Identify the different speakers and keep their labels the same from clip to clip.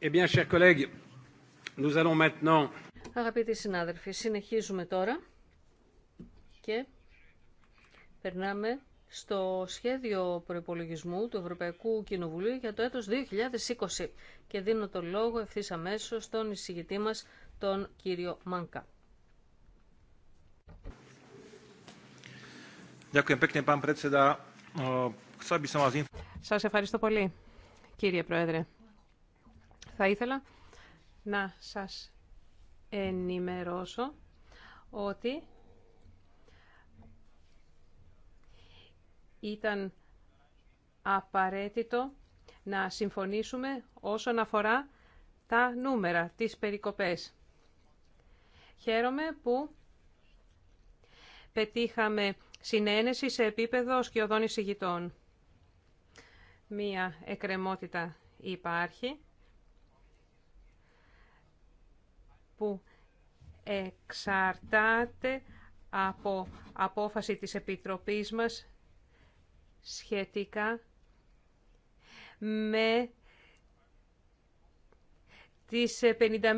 Speaker 1: Eh
Speaker 2: Αγαπητοί συνάδελφοι, συνεχίζουμε τώρα και περνάμε στο σχέδιο προϋπολογισμού του Ευρωπαϊκού Κοινοβουλίου για το έτος 2020 και δίνω το λόγο ευθύ αμέσω στον εισηγητή μας, τον κύριο Μάνκα.
Speaker 1: Σας ευχαριστώ πολύ, κύριε Πρόεδρε. Θα ήθελα να σας ενημερώσω ότι ήταν απαραίτητο να συμφωνήσουμε όσον αφορά τα νούμερα, τις περικοπές. Χαίρομαι που πετύχαμε συνένεση σε επίπεδο σκιωδών εισηγητών. Μία εκκρεμότητα υπάρχει που εξαρτάται από απόφαση της Επιτροπής μας σχετικά με τις 51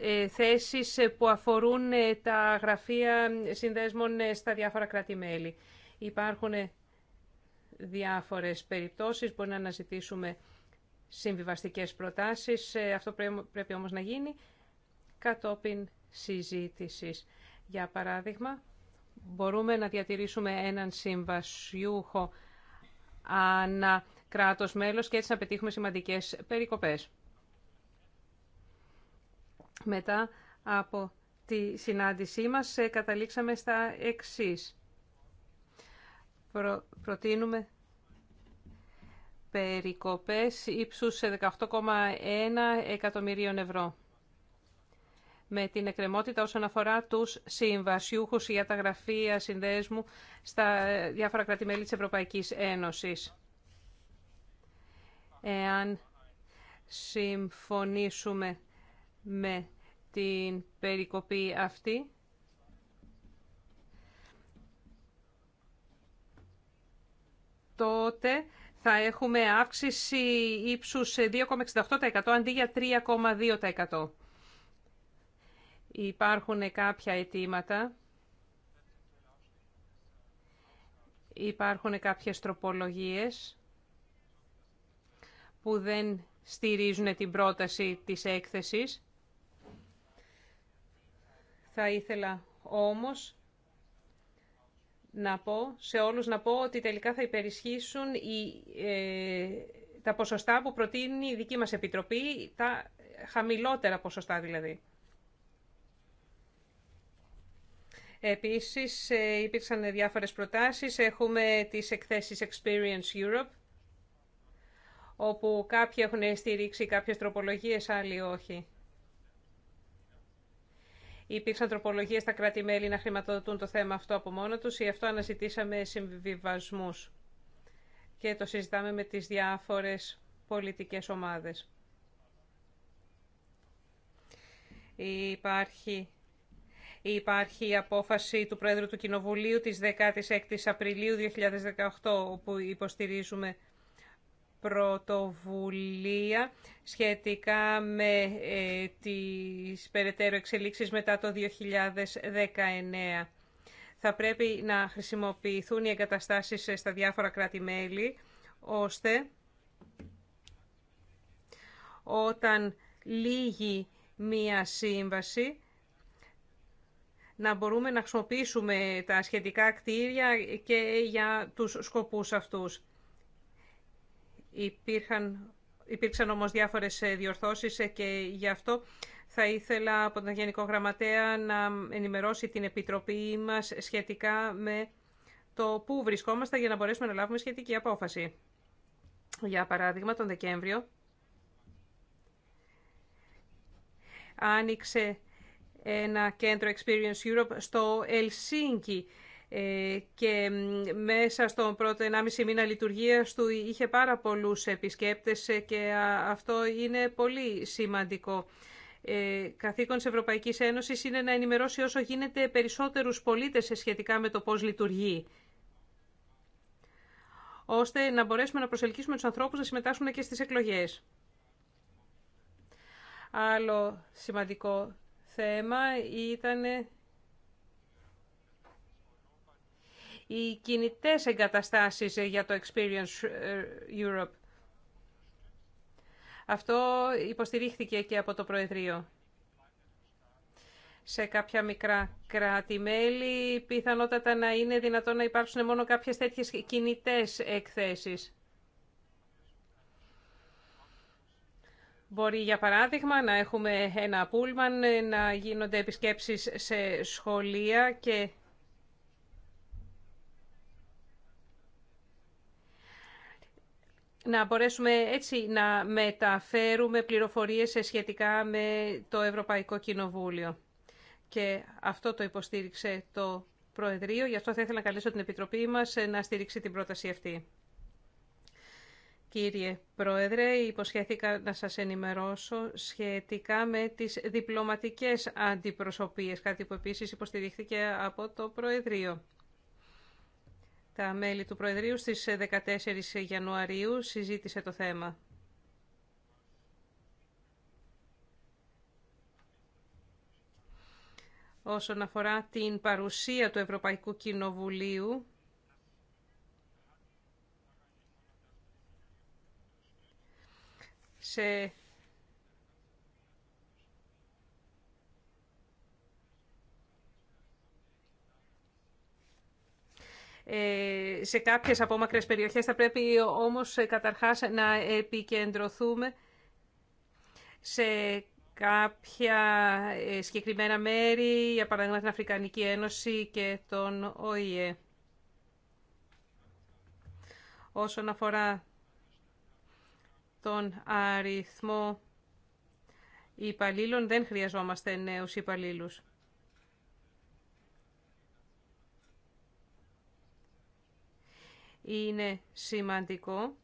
Speaker 1: ε, θέσεις που αφορούν ε, τα γραφεία συνδέσμων ε, στα διάφορα κράτη-μέλη. Υπάρχουν διάφορες περιπτώσεις, μπορεί να αναζητήσουμε συμβιβαστικές προτάσεις. Αυτό πρέπει όμως να γίνει κατόπιν συζήτησης. Για παράδειγμα, μπορούμε να διατηρήσουμε έναν συμβασιούχο ανά κράτος μέλος και έτσι να πετύχουμε σημαντικές περικοπές. Μετά από τη συνάντησή μας ε, καταλήξαμε στα εξής. Προ, προτείνουμε περικοπές ύψους σε 18,1 εκατομμυρίων ευρώ με την εκκρεμότητα όσον αφορά τους συμβασιούχους για τα γραφεία συνδέσμου στα διάφορα κρατημέλη τη Ευρωπαϊκής Ένωσης. Εάν συμφωνήσουμε με την περικοπή αυτή, τότε θα έχουμε αύξηση ύψους 2,68% αντί για 3,2%. Υπάρχουν κάποια αιτήματα. Υπάρχουν κάποιες τροπολογίες που δεν στηρίζουν την πρόταση της έκθεσης. Θα ήθελα όμως να πω, σε όλους να πω ότι τελικά θα υπερισχύσουν οι, ε, τα ποσοστά που προτείνει η δική μας Επιτροπή, τα χαμηλότερα ποσοστά δηλαδή. Επίσης ε, υπήρξαν διάφορες προτάσεις. Έχουμε τις εκθέσεις Experience Europe, όπου κάποιοι έχουν στηρίξει κάποιες τροπολογίες, άλλοι όχι. Υπήρξαν τροπολογίες στα κράτη-μέλη να χρηματοδοτούν το θέμα αυτό από μόνο τους, ή αυτό αναζητήσαμε συμβιβασμούς και το συζητάμε με τις διάφορες πολιτικές ομάδες. Υπάρχει Υπάρχει η απόφαση του Πρόεδρου του Κοινοβουλίου της 16ης Απριλίου 2018, όπου υποστηρίζουμε πρωτοβουλία σχετικά με ε, τις περαιτέρω εξελίξεις μετά το 2019. Θα πρέπει να χρησιμοποιηθούν οι εγκαταστάσεις στα διάφορα κράτη-μέλη, ώστε όταν λύγει μία σύμβαση να μπορούμε να χρησιμοποιήσουμε τα σχετικά κτίρια και για τους σκοπούς αυτούς. Υπήρχαν, υπήρξαν όμως διάφορες ε, διορθώσεις ε, και γι' αυτό θα ήθελα από τον Γενικό Γραμματέα να ενημερώσει την Επιτροπή μας σχετικά με το πού βρισκόμαστε για να μπορέσουμε να λάβουμε σχετική απόφαση. Για παράδειγμα, τον Δεκέμβριο άνοιξε ένα κέντρο Experience Europe στο Ελσίνκι ε, και μέσα στον πρώτο 1,5 μήνα λειτουργίας του είχε πάρα πολλούς επισκέπτες ε, και αυτό είναι πολύ σημαντικό. Ε, καθήκον της Ευρωπαϊκής Ένωσης είναι να ενημερώσει όσο γίνεται περισσότερους πολίτες σχετικά με το πώς λειτουργεί ώστε να μπορέσουμε να προσελκύσουμε τους ανθρώπους να συμμετάσχουν και στις εκλογές. Άλλο σημαντικό θέμα ήταν οι κινητές εγκαταστάσεις για το Experience ε, Europe. Αυτό υποστηρίχθηκε και από το Προεδρείο. Σε κάποια μικρά κράτη-μέλη πιθανότατα να είναι δυνατόν να υπάρξουν μόνο κάποιες τέτοιες κινητές εκθέσεις. Μπορεί για παράδειγμα να έχουμε ένα πούλμαν, να γίνονται επισκέψεις σε σχολεία και να μπορέσουμε έτσι να μεταφέρουμε πληροφορίες σχετικά με το Ευρωπαϊκό Κοινοβούλιο. Και αυτό το υποστήριξε το Προεδρείο, γι' αυτό θα ήθελα να καλέσω την Επιτροπή μας να στηρίξει την πρόταση αυτή. Κύριε Πρόεδρε, υποσχέθηκα να σας ενημερώσω σχετικά με τις διπλωματικές αντιπροσωπίες, κάτι που επίσης υποστηρίχθηκε από το Προεδρείο. Τα μέλη του Προεδρείου στις 14 Ιανουαρίου συζήτησε το θέμα. Όσον αφορά την παρουσία του Ευρωπαϊκού Κοινοβουλίου, σε ε, σε κάποιες απόμακρες περιοχές θα πρέπει όμως ε, καταρχάς να επικεντρωθούμε σε κάποια ε, συγκεκριμένα μέρη, για παράδειγμα την Αφρικανική Ένωση και τον ΟΗΕ. Όσον αφορά τον αριθμό υπαλλήλων δεν χρειαζόμαστε νέους υπαλλήλους. Είναι σημαντικό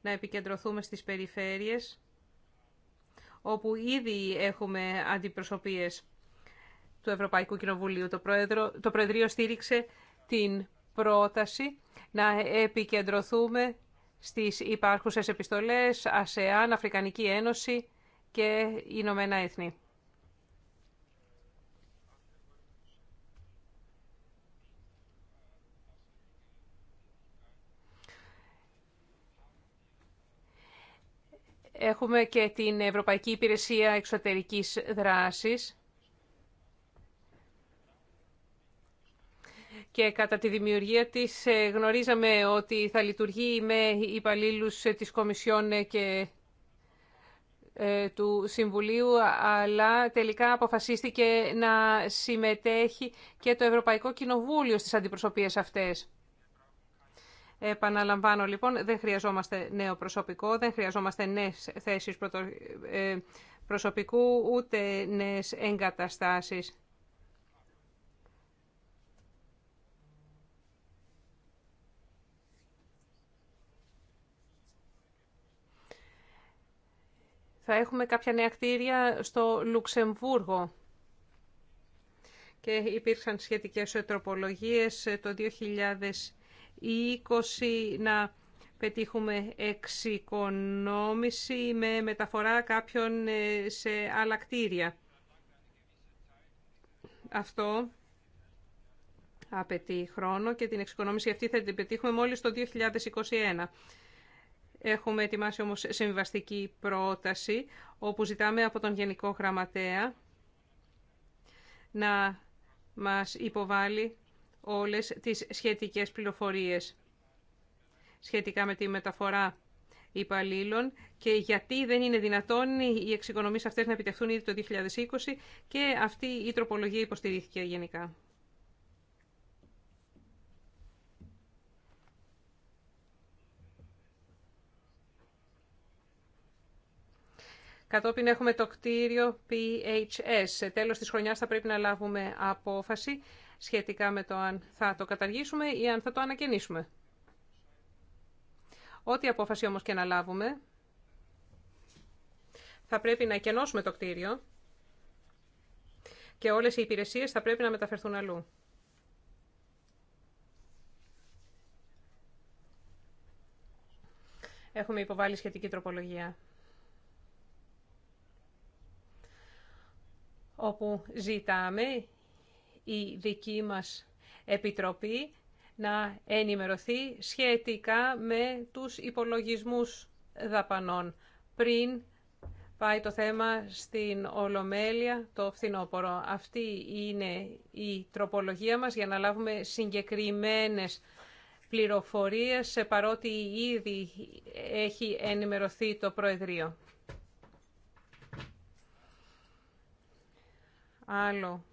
Speaker 1: να επικεντρωθούμε στις περιφέρειες όπου ήδη έχουμε αντιπροσωπείες του Ευρωπαϊκού Κοινοβουλίου. Το, Προεδρο, το Προεδρείο στήριξε την πρόταση να επικεντρωθούμε στις υπάρχουσες επιστολές ΑΣΕΑΝ, Αφρικανική Ένωση και Ηνωμένα Έθνη. Έχουμε και την Ευρωπαϊκή Υπηρεσία Εξωτερικής Δράσης. και κατά τη δημιουργία της ε, γνωρίζαμε ότι θα λειτουργεί με υπαλλήλου ε, της Κομισιόν ε, και του Συμβουλίου, αλλά τελικά αποφασίστηκε να συμμετέχει και το Ευρωπαϊκό Κοινοβούλιο στις αντιπροσωπείες αυτές. Επαναλαμβάνω λοιπόν, δεν χρειαζόμαστε νέο προσωπικό, δεν χρειαζόμαστε νέες θέσεις προσωπικού, ούτε νέες εγκαταστάσεις. θα έχουμε κάποια νέα κτίρια στο Λουξεμβούργο. Και υπήρξαν σχετικές τροπολογίες το 2020 να πετύχουμε εξοικονόμηση με μεταφορά κάποιων ε, σε άλλα κτίρια. Αυτό απαιτεί χρόνο και την εξοικονόμηση αυτή θα την πετύχουμε μόλις το 2021. Έχουμε ετοιμάσει όμως συμβαστική πρόταση, όπου ζητάμε από τον Γενικό Γραμματέα να μας υποβάλει όλες τις σχετικές πληροφορίες σχετικά με τη μεταφορά υπαλλήλων και γιατί δεν είναι δυνατόν οι εξοικονομίες αυτές να επιτευχθούν ήδη το 2020 και αυτή η τροπολογία υποστηρίχθηκε γενικά. Κατόπιν έχουμε το κτίριο PHS. Σε τέλος της χρονιάς θα πρέπει να λάβουμε απόφαση σχετικά με το αν θα το καταργήσουμε ή αν θα το ανακαινήσουμε. Ό,τι απόφαση όμως και να λάβουμε, θα πρέπει να εκενώσουμε το κτίριο και όλες οι υπηρεσίες θα πρέπει να μεταφερθούν αλλού. Έχουμε υποβάλει σχετική τροπολογία. όπου ζητάμε η δική μας Επιτροπή να ενημερωθεί σχετικά με τους υπολογισμούς δαπανών πριν πάει το θέμα στην Ολομέλεια το φθινόπωρο. Αυτή είναι η τροπολογία μας για να λάβουμε συγκεκριμένες πληροφορίες παρότι ήδη έχει ενημερωθεί το Προεδρείο. Άλλο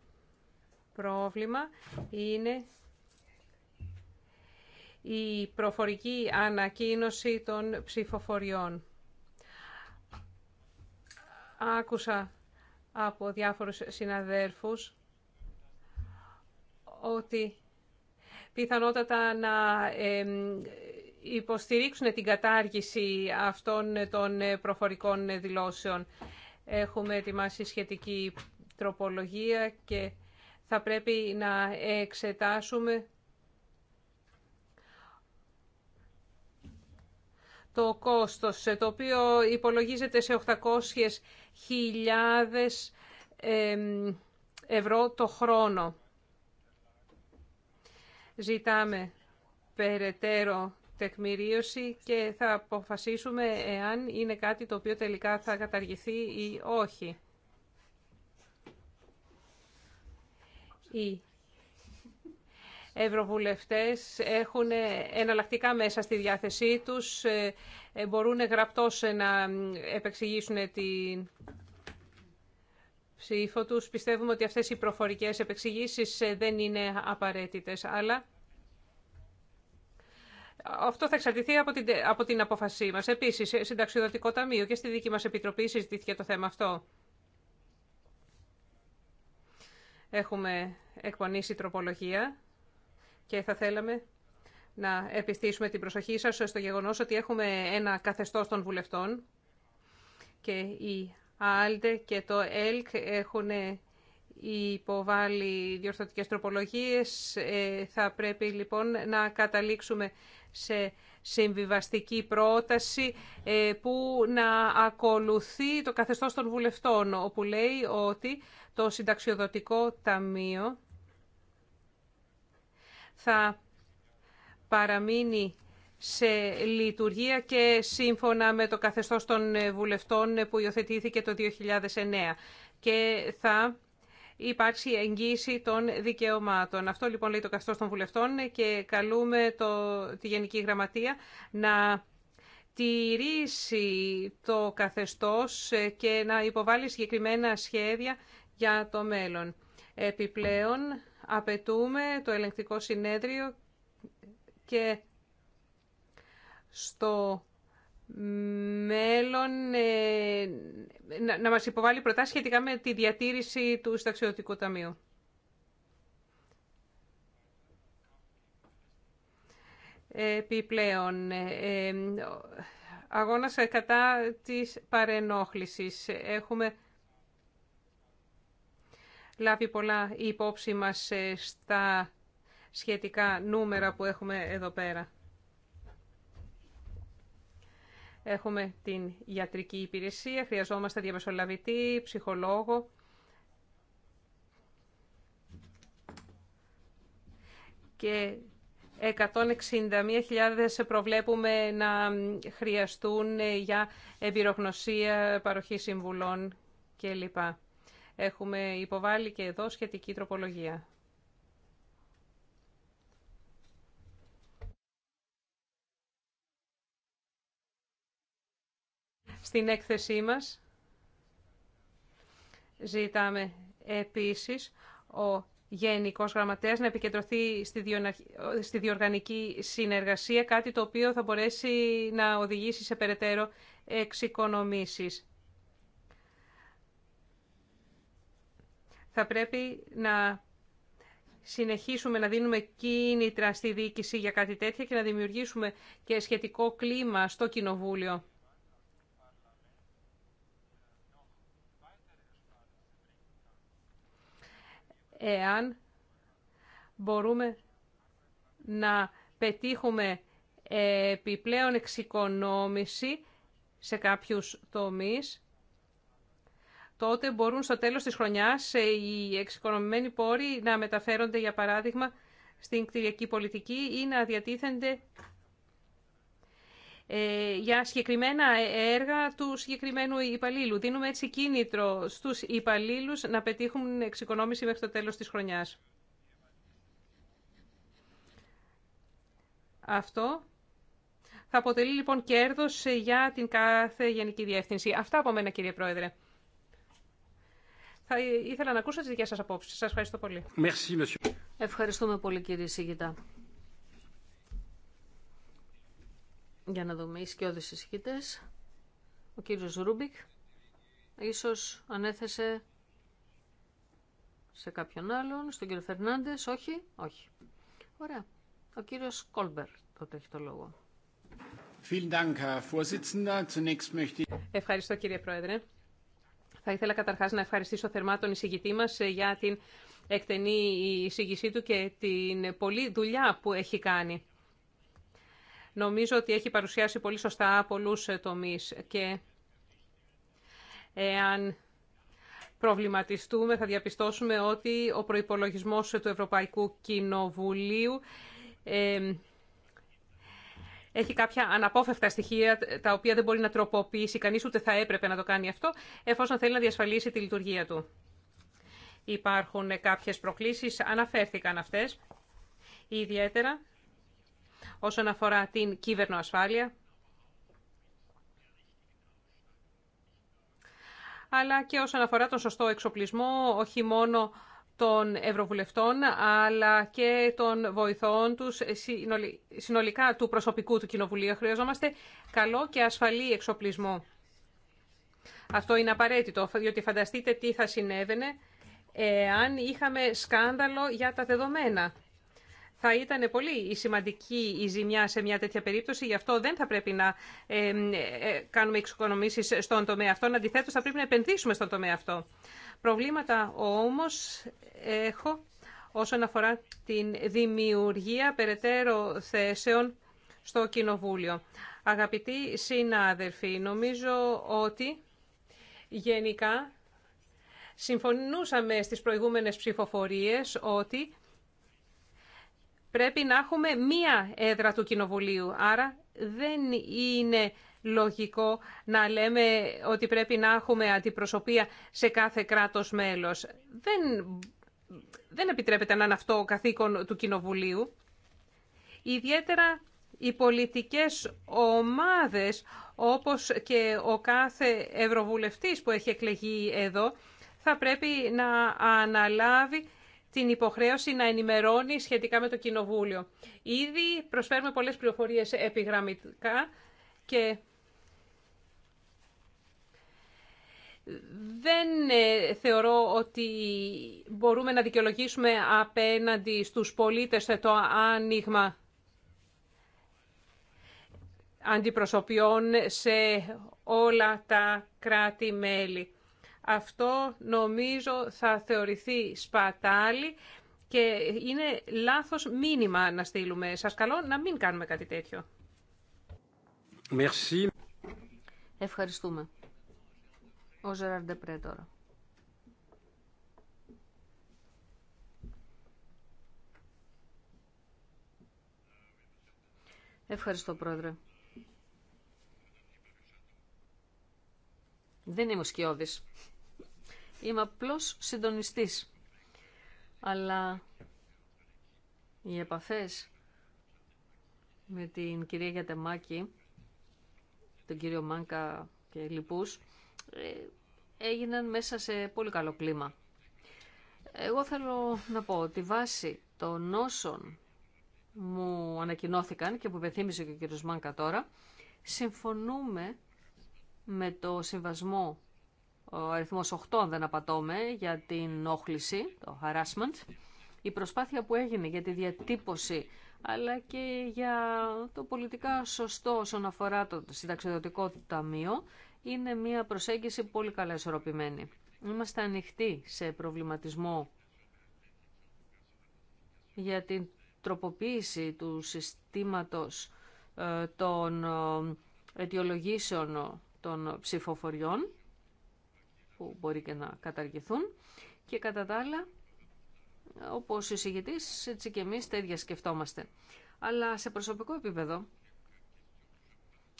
Speaker 1: πρόβλημα είναι η προφορική ανακοίνωση των ψηφοφοριών. Άκουσα από διάφορους συναδέρφους ότι πιθανότατα να υποστηρίξουν την κατάργηση αυτών των προφορικών δηλώσεων. Έχουμε ετοιμάσει σχετική τροπολογία και θα πρέπει να εξετάσουμε το κόστος, το οποίο υπολογίζεται σε 800.000 ευρώ το χρόνο. Ζητάμε περαιτέρω τεκμηρίωση και θα αποφασίσουμε εάν είναι κάτι το οποίο τελικά θα καταργηθεί ή όχι. Οι ευρωβουλευτές έχουν εναλλακτικά μέσα στη διάθεσή τους, ε, μπορούν γραπτώς να επεξηγήσουν την ψήφο τους. Πιστεύουμε ότι αυτές οι προφορικές επεξηγήσεις ε, δεν είναι απαραίτητες, αλλά... Αυτό θα εξαρτηθεί από την, από την αποφασή μας. Επίσης, ε, συνταξιοδοτικό ταμείο και στη δική μας επιτροπή συζητήθηκε το θέμα αυτό. Έχουμε εκπονήσει τροπολογία και θα θέλαμε να επιστήσουμε την προσοχή σας στο γεγονός ότι έχουμε ένα καθεστώς των βουλευτών και η ΑΛΔΕ και το ΕΛΚ έχουν υποβάλει διορθωτικές τροπολογίες. Ε, θα πρέπει λοιπόν να καταλήξουμε σε συμβιβαστική πρόταση ε, που να ακολουθεί το καθεστώς των βουλευτών, όπου λέει ότι το συνταξιοδοτικό ταμείο θα παραμείνει σε λειτουργία και σύμφωνα με το καθεστώς των βουλευτών που υιοθετήθηκε το 2009 και θα υπάρξει εγγύηση των δικαιωμάτων. Αυτό λοιπόν λέει το καθεστώς των βουλευτών και καλούμε το, τη Γενική Γραμματεία να τηρήσει το καθεστώς και να υποβάλει συγκεκριμένα σχέδια για το μέλλον. Επιπλέον, απαιτούμε το ελεγκτικό συνέδριο και στο μέλλον ε, να μας υποβάλει προτάσεις σχετικά με τη διατήρηση του Συνταξιωτικού Ταμείου. Επιπλέον, ε, ε, αγώνας κατά της παρενόχλησης. Έχουμε λάβει πολλά η υπόψη μας ε, στα σχετικά νούμερα που έχουμε εδώ πέρα. Έχουμε την ιατρική υπηρεσία, χρειαζόμαστε διαμεσολαβητή, ψυχολόγο. Και 161.000 προβλέπουμε να χρειαστούν για εμπειρογνωσία, παροχή συμβουλών κλπ. Έχουμε υποβάλει και εδώ σχετική τροπολογία. Στην έκθεσή μας ζητάμε επίσης ο Γενικός Γραμματέας να επικεντρωθεί στη διοργανική συνεργασία, κάτι το οποίο θα μπορέσει να οδηγήσει σε περαιτέρω εξοικονομήσεις. Θα πρέπει να συνεχίσουμε να δίνουμε κίνητρα στη διοίκηση για κάτι τέτοιο και να δημιουργήσουμε και σχετικό κλίμα στο Κοινοβούλιο. Εάν μπορούμε να πετύχουμε επιπλέον εξοικονόμηση σε κάποιους τομείς, τότε μπορούν στο τέλος της χρονιάς ε, οι εξοικονομημένοι πόροι να μεταφέρονται, για παράδειγμα, στην κτηριακή πολιτική ή να διατίθενται ε, για συγκεκριμένα έργα του συγκεκριμένου υπαλλήλου. Δίνουμε έτσι κίνητρο στους υπαλλήλους να πετύχουν εξοικονόμηση μέχρι το τέλος της χρονιάς. Αυτό θα αποτελεί λοιπόν κέρδος ε, για την κάθε Γενική Διεύθυνση. Αυτά από μένα κύριε Πρόεδρε. Θα ήθελα να ακούσω τις δικές σας απόψεις. Σας ευχαριστώ πολύ. Merci, Ευχαριστούμε πολύ κύριε Σιγητά.
Speaker 2: Για να δούμε οι σκιώδεις εισηγητές. Ο κύριος Ρούμπικ ίσως ανέθεσε σε κάποιον άλλον, στον κύριο Φερνάντες, όχι, όχι. Ωραία.
Speaker 1: Ο κύριος Κόλμπερ τότε έχει το λόγο. Ευχαριστώ κύριε Πρόεδρε. Θα ήθελα καταρχάς να ευχαριστήσω θερμά τον εισηγητή μας ε, για την εκτενή εισηγησή του και την πολλή δουλειά που έχει κάνει. Νομίζω ότι έχει παρουσιάσει πολύ σωστά πολλούς ε, τομείς και εάν προβληματιστούμε θα διαπιστώσουμε ότι ο προϋπολογισμός του Ευρωπαϊκού Κοινοβουλίου ε, έχει κάποια αναπόφευκτα στοιχεία τα οποία δεν μπορεί να τροποποιήσει κανείς, ούτε θα έπρεπε να το κάνει αυτό, εφόσον θέλει να διασφαλίσει τη λειτουργία του. Υπάρχουν κάποιες προκλήσεις, αναφέρθηκαν αυτές, ιδιαίτερα όσον αφορά την ασφάλεια. αλλά και όσον αφορά τον σωστό εξοπλισμό, όχι μόνο των Ευρωβουλευτών αλλά και των βοηθών τους, συνολικά του προσωπικού του Κοινοβουλίου. Χρειαζόμαστε καλό και ασφαλή εξοπλισμό. Αυτό είναι απαραίτητο, διότι φανταστείτε τι θα συνέβαινε αν είχαμε σκάνδαλο για τα δεδομένα. Θα ήταν πολύ η σημαντική η ζημιά σε μια τέτοια περίπτωση, γι' αυτό δεν θα πρέπει να ε, ε, κάνουμε εξοικονομήσεις στον τομέα αυτό. Αντιθέτως, θα πρέπει να επενδύσουμε στον τομέα αυτό. Προβλήματα όμως έχω όσον αφορά την δημιουργία περαιτέρω θέσεων στο Κοινοβούλιο. Αγαπητοί συνάδελφοι, νομίζω ότι γενικά συμφωνούσαμε στις προηγούμενες ψηφοφορίες ότι πρέπει να έχουμε μία έδρα του Κοινοβουλίου. Άρα δεν είναι λογικό να λέμε ότι πρέπει να έχουμε αντιπροσωπεία σε κάθε κράτος μέλος. Δεν, δεν επιτρέπεται να είναι αυτό ο καθήκον του Κοινοβουλίου. Ιδιαίτερα οι πολιτικές ομάδες, όπως και ο κάθε ευρωβουλευτής που έχει εκλεγεί εδώ, θα πρέπει να αναλάβει την υποχρέωση να ενημερώνει σχετικά με το Κοινοβούλιο. Ήδη προσφέρουμε πολλές πληροφορίες επιγραμμικά και δεν ε, θεωρώ ότι μπορούμε να δικαιολογήσουμε απέναντι στους πολίτες ε, το άνοιγμα αντιπροσωπιών σε όλα τα κράτη-μέλη. Αυτό νομίζω θα θεωρηθεί σπατάλη και είναι λάθος μήνυμα να στείλουμε. Σας καλώ να μην κάνουμε κάτι τέτοιο. Merci. Ευχαριστούμε. Ο Ζεράρ τώρα.
Speaker 2: Ευχαριστώ, Πρόεδρε. Δεν είμαι Σκιώδης. Είμαι απλώς συντονιστής. Αλλά οι επαφές με την κυρία Γιατεμάκη, τον κύριο Μάνκα και λοιπούς, ε, έγιναν μέσα σε πολύ καλό κλίμα. Εγώ θέλω να πω ότι βάση των όσων μου ανακοινώθηκαν και που υπενθύμισε και ο κ. Μάνκα τώρα, συμφωνούμε με το συμβασμό ο αριθμός 8, αν δεν απατώμε, για την όχληση, το harassment, η προσπάθεια που έγινε για τη διατύπωση, αλλά και για το πολιτικά σωστό όσον αφορά το συνταξιδοτικό ταμείο, είναι μια προσέγγιση πολύ καλά ισορροπημένη. Είμαστε ανοιχτοί σε προβληματισμό για την τροποποίηση του συστήματος ε, των ε, αιτιολογήσεων ε, των ψηφοφοριών που μπορεί και να καταργηθούν και κατά τα άλλα όπως εισηγητής έτσι και εμείς τέτοια σκεφτόμαστε. Αλλά σε προσωπικό επίπεδο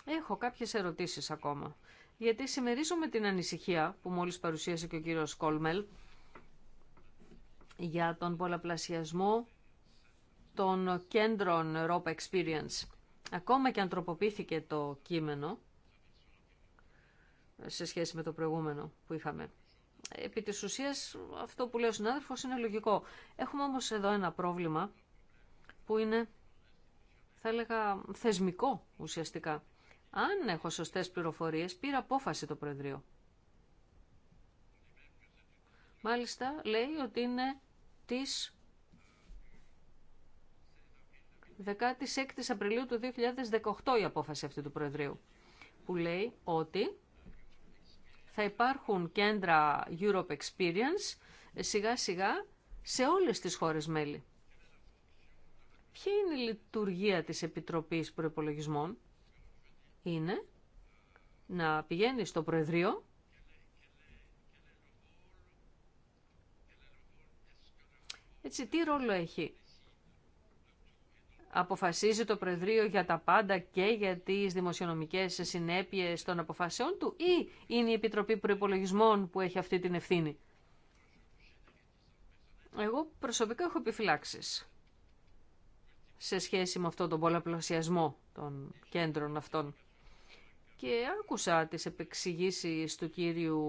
Speaker 2: έχω κάποιες ερωτήσεις ακόμα γιατί με την ανησυχία που μόλις παρουσίασε και ο κύριος Κόλμελ για τον πολλαπλασιασμό των κέντρων Europa Experience. Ακόμα και αν τροποποιήθηκε το κείμενο σε σχέση με το προηγούμενο που είχαμε. Επί της ουσίας, αυτό που λέει ο συνάδελφος είναι λογικό. Έχουμε όμως εδώ ένα πρόβλημα που είναι, θα έλεγα, θεσμικό ουσιαστικά. Αν έχω σωστές πληροφορίες, πήρα απόφαση το Προεδρείο. Μάλιστα, λέει ότι είναι της 16 Απριλίου του 2018 η απόφαση αυτή του Προεδρείου, που λέει ότι θα υπάρχουν κέντρα Europe Experience σιγά σιγά σε όλες τις χώρες μέλη. Ποια είναι η λειτουργία της Επιτροπής Προϋπολογισμών είναι να πηγαίνει στο Προεδρείο Έτσι, τι ρόλο έχει. Αποφασίζει το Προεδρείο για τα πάντα και για τις δημοσιονομικές συνέπειες των αποφάσεών του ή είναι η Επιτροπή Προϋπολογισμών που έχει αυτή την ευθύνη. Εγώ προσωπικά έχω επιφυλάξεις σε σχέση με αυτόν τον πολλαπλασιασμό των κέντρων αυτών. Και άκουσα τις επεξηγήσεις του κύριου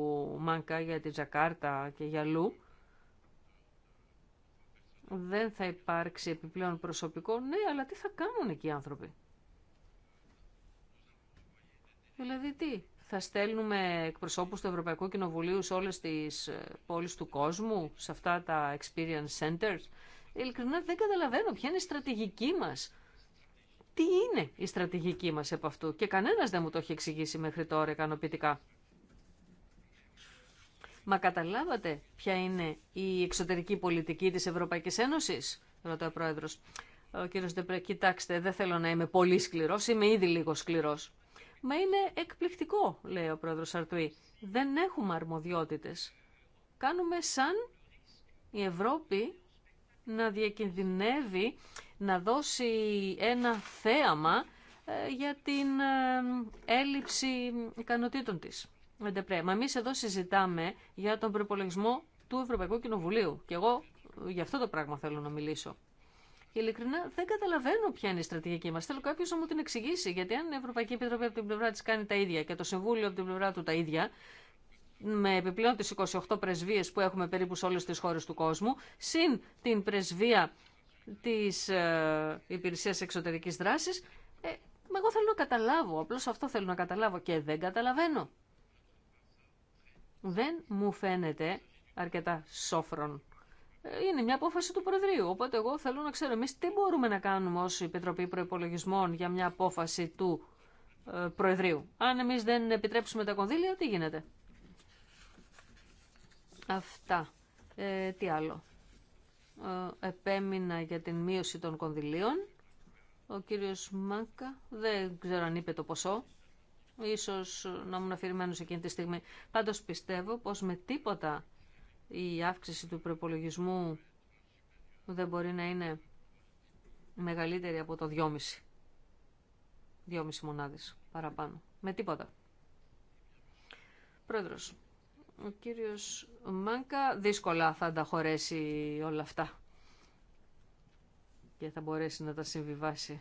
Speaker 2: Μάνκα για τη Τζακάρτα και για Λου. Δεν θα υπάρξει επιπλέον προσωπικό. Ναι, αλλά τι θα κάνουν εκεί οι άνθρωποι. Δηλαδή τι, θα στέλνουμε εκπροσώπους του Ευρωπαϊκού Κοινοβουλίου σε όλες τις ε, πόλεις του κόσμου, σε αυτά τα experience centers. Ειλικρινά δεν καταλαβαίνω ποια είναι η στρατηγική μας τι είναι η στρατηγική μας επ' αυτού και κανένας δεν μου το έχει εξηγήσει μέχρι τώρα ικανοποιητικά. Μα καταλάβατε ποια είναι η εξωτερική πολιτική της Ευρωπαϊκής Ένωσης, ρωτάει ο Πρόεδρος. Ο κύριος Ντεπρέ, κοιτάξτε, δεν θέλω να είμαι πολύ σκληρός, είμαι ήδη λίγο σκληρός. Μα είναι εκπληκτικό, λέει ο Πρόεδρος Αρτουή. Δεν έχουμε αρμοδιότητες. Κάνουμε σαν η Ευρώπη να διακινδυνεύει να δώσει ένα θέαμα ε, για την ε, έλλειψη ικανοτήτων της. Μα εμείς εδώ συζητάμε για τον προπολογισμό του Ευρωπαϊκού Κοινοβουλίου και εγώ για αυτό το πράγμα θέλω να μιλήσω. Και ειλικρινά δεν καταλαβαίνω ποια είναι η στρατηγική μα. Θέλω κάποιο να μου την εξηγήσει. Γιατί αν η Ευρωπαϊκή Επιτροπή από την πλευρά τη κάνει τα ίδια και το Συμβούλιο από την πλευρά του τα ίδια, με επιπλέον τις 28 πρεσβείες που έχουμε περίπου σε όλες τις χώρες του κόσμου, συν την πρεσβεία της ε, Υπηρεσίας Εξωτερικής Δράσης. Ε, εγώ θέλω να καταλάβω, απλώς αυτό θέλω να καταλάβω και δεν καταλαβαίνω. Δεν μου φαίνεται αρκετά σόφρον. Ε, είναι μια απόφαση του Προεδρείου, οπότε εγώ θέλω να ξέρω εμείς τι μπορούμε να κάνουμε ως Επιτροπή Προϋπολογισμών για μια απόφαση του ε, Προεδρείου. Αν εμείς δεν επιτρέψουμε τα κονδύλια, τι γίνεται. Αυτά. Ε, τι άλλο. Ε, επέμεινα για την μείωση των κονδυλίων. Ο κύριος Μάκα δεν ξέρω αν είπε το ποσό. Ίσως να ήμουν αφηρημένος εκείνη τη στιγμή. Πάντως πιστεύω πως με τίποτα η αύξηση του προπολογισμού δεν μπορεί να είναι μεγαλύτερη από το 2,5. 2,5 μονάδες παραπάνω. Με τίποτα. Πρόεδρος, ο κύριος Μάνκα δύσκολα θα τα χωρέσει όλα αυτά και θα μπορέσει να τα συμβιβάσει.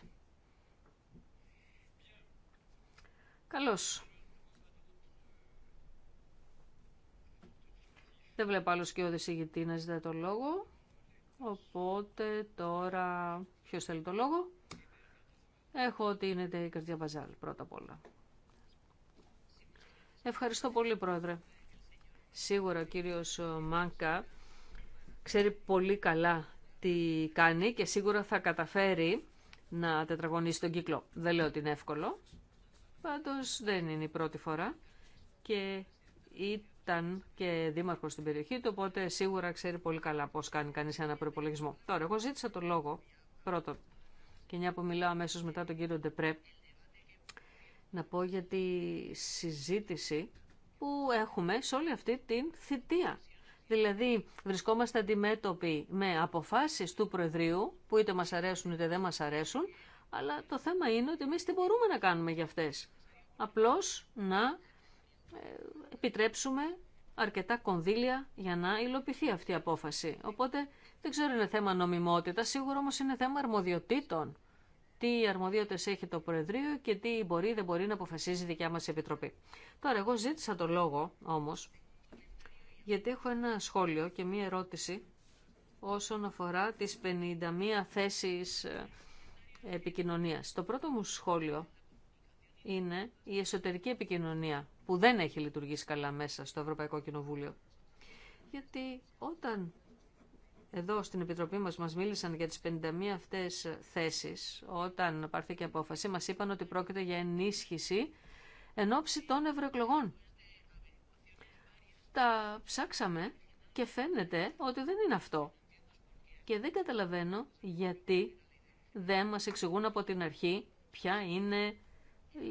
Speaker 2: Καλώς. Δεν βλέπω άλλο και ο δεσηγητή να ζητάει το λόγο. Οπότε τώρα ποιος θέλει το λόγο. Έχω ότι είναι η καρδιά Μπαζάλ πρώτα απ' όλα. Ευχαριστώ πολύ πρόεδρε. Σίγουρα ο κύριος Μάνκα ξέρει πολύ καλά τι κάνει και σίγουρα θα καταφέρει να τετραγωνίσει τον κύκλο. Δεν λέω ότι είναι εύκολο, πάντως δεν είναι η πρώτη φορά και ήταν και δήμαρχος στην περιοχή του, οπότε σίγουρα ξέρει πολύ καλά πώς κάνει κανείς ένα προπολογισμό. Τώρα, εγώ ζήτησα το λόγο πρώτον και μια που μιλάω αμέσως μετά τον κύριο Ντεπρέ, να πω για τη συζήτηση που έχουμε σε όλη αυτή την θητεία. Δηλαδή βρισκόμαστε αντιμέτωποι με αποφάσεις του Προεδρείου που είτε μας αρέσουν είτε δεν μας αρέσουν, αλλά το θέμα είναι ότι εμείς τι μπορούμε να κάνουμε για αυτές. Απλώς να ε, επιτρέψουμε αρκετά κονδύλια για να υλοποιηθεί αυτή η απόφαση. Οπότε δεν ξέρω είναι θέμα νομιμότητα, σίγουρα όμως είναι θέμα αρμοδιοτήτων τι αρμοδιότητες έχει το Προεδρείο και τι μπορεί ή δεν μπορεί να αποφασίζει η δικιά μας Επιτροπή. Τώρα, εγώ ζήτησα το λόγο όμως, γιατί έχω ένα σχόλιο και μία ερώτηση όσον αφορά τις 51 θέσεις ε, επικοινωνίας. Το πρώτο μου σχόλιο είναι η εσωτερική επικοινωνία που δεν έχει λειτουργήσει καλά μέσα στο Ευρωπαϊκό Κοινοβούλιο. Γιατί όταν εδώ στην Επιτροπή μας μας μίλησαν για τις 51 αυτές θέσεις, όταν πάρθηκε η απόφαση, μας είπαν ότι πρόκειται για ενίσχυση εν ώψη των ευρωεκλογών. Τα ψάξαμε και φαίνεται ότι δεν είναι αυτό. Και δεν καταλαβαίνω γιατί δεν μας εξηγούν από την αρχή ποια είναι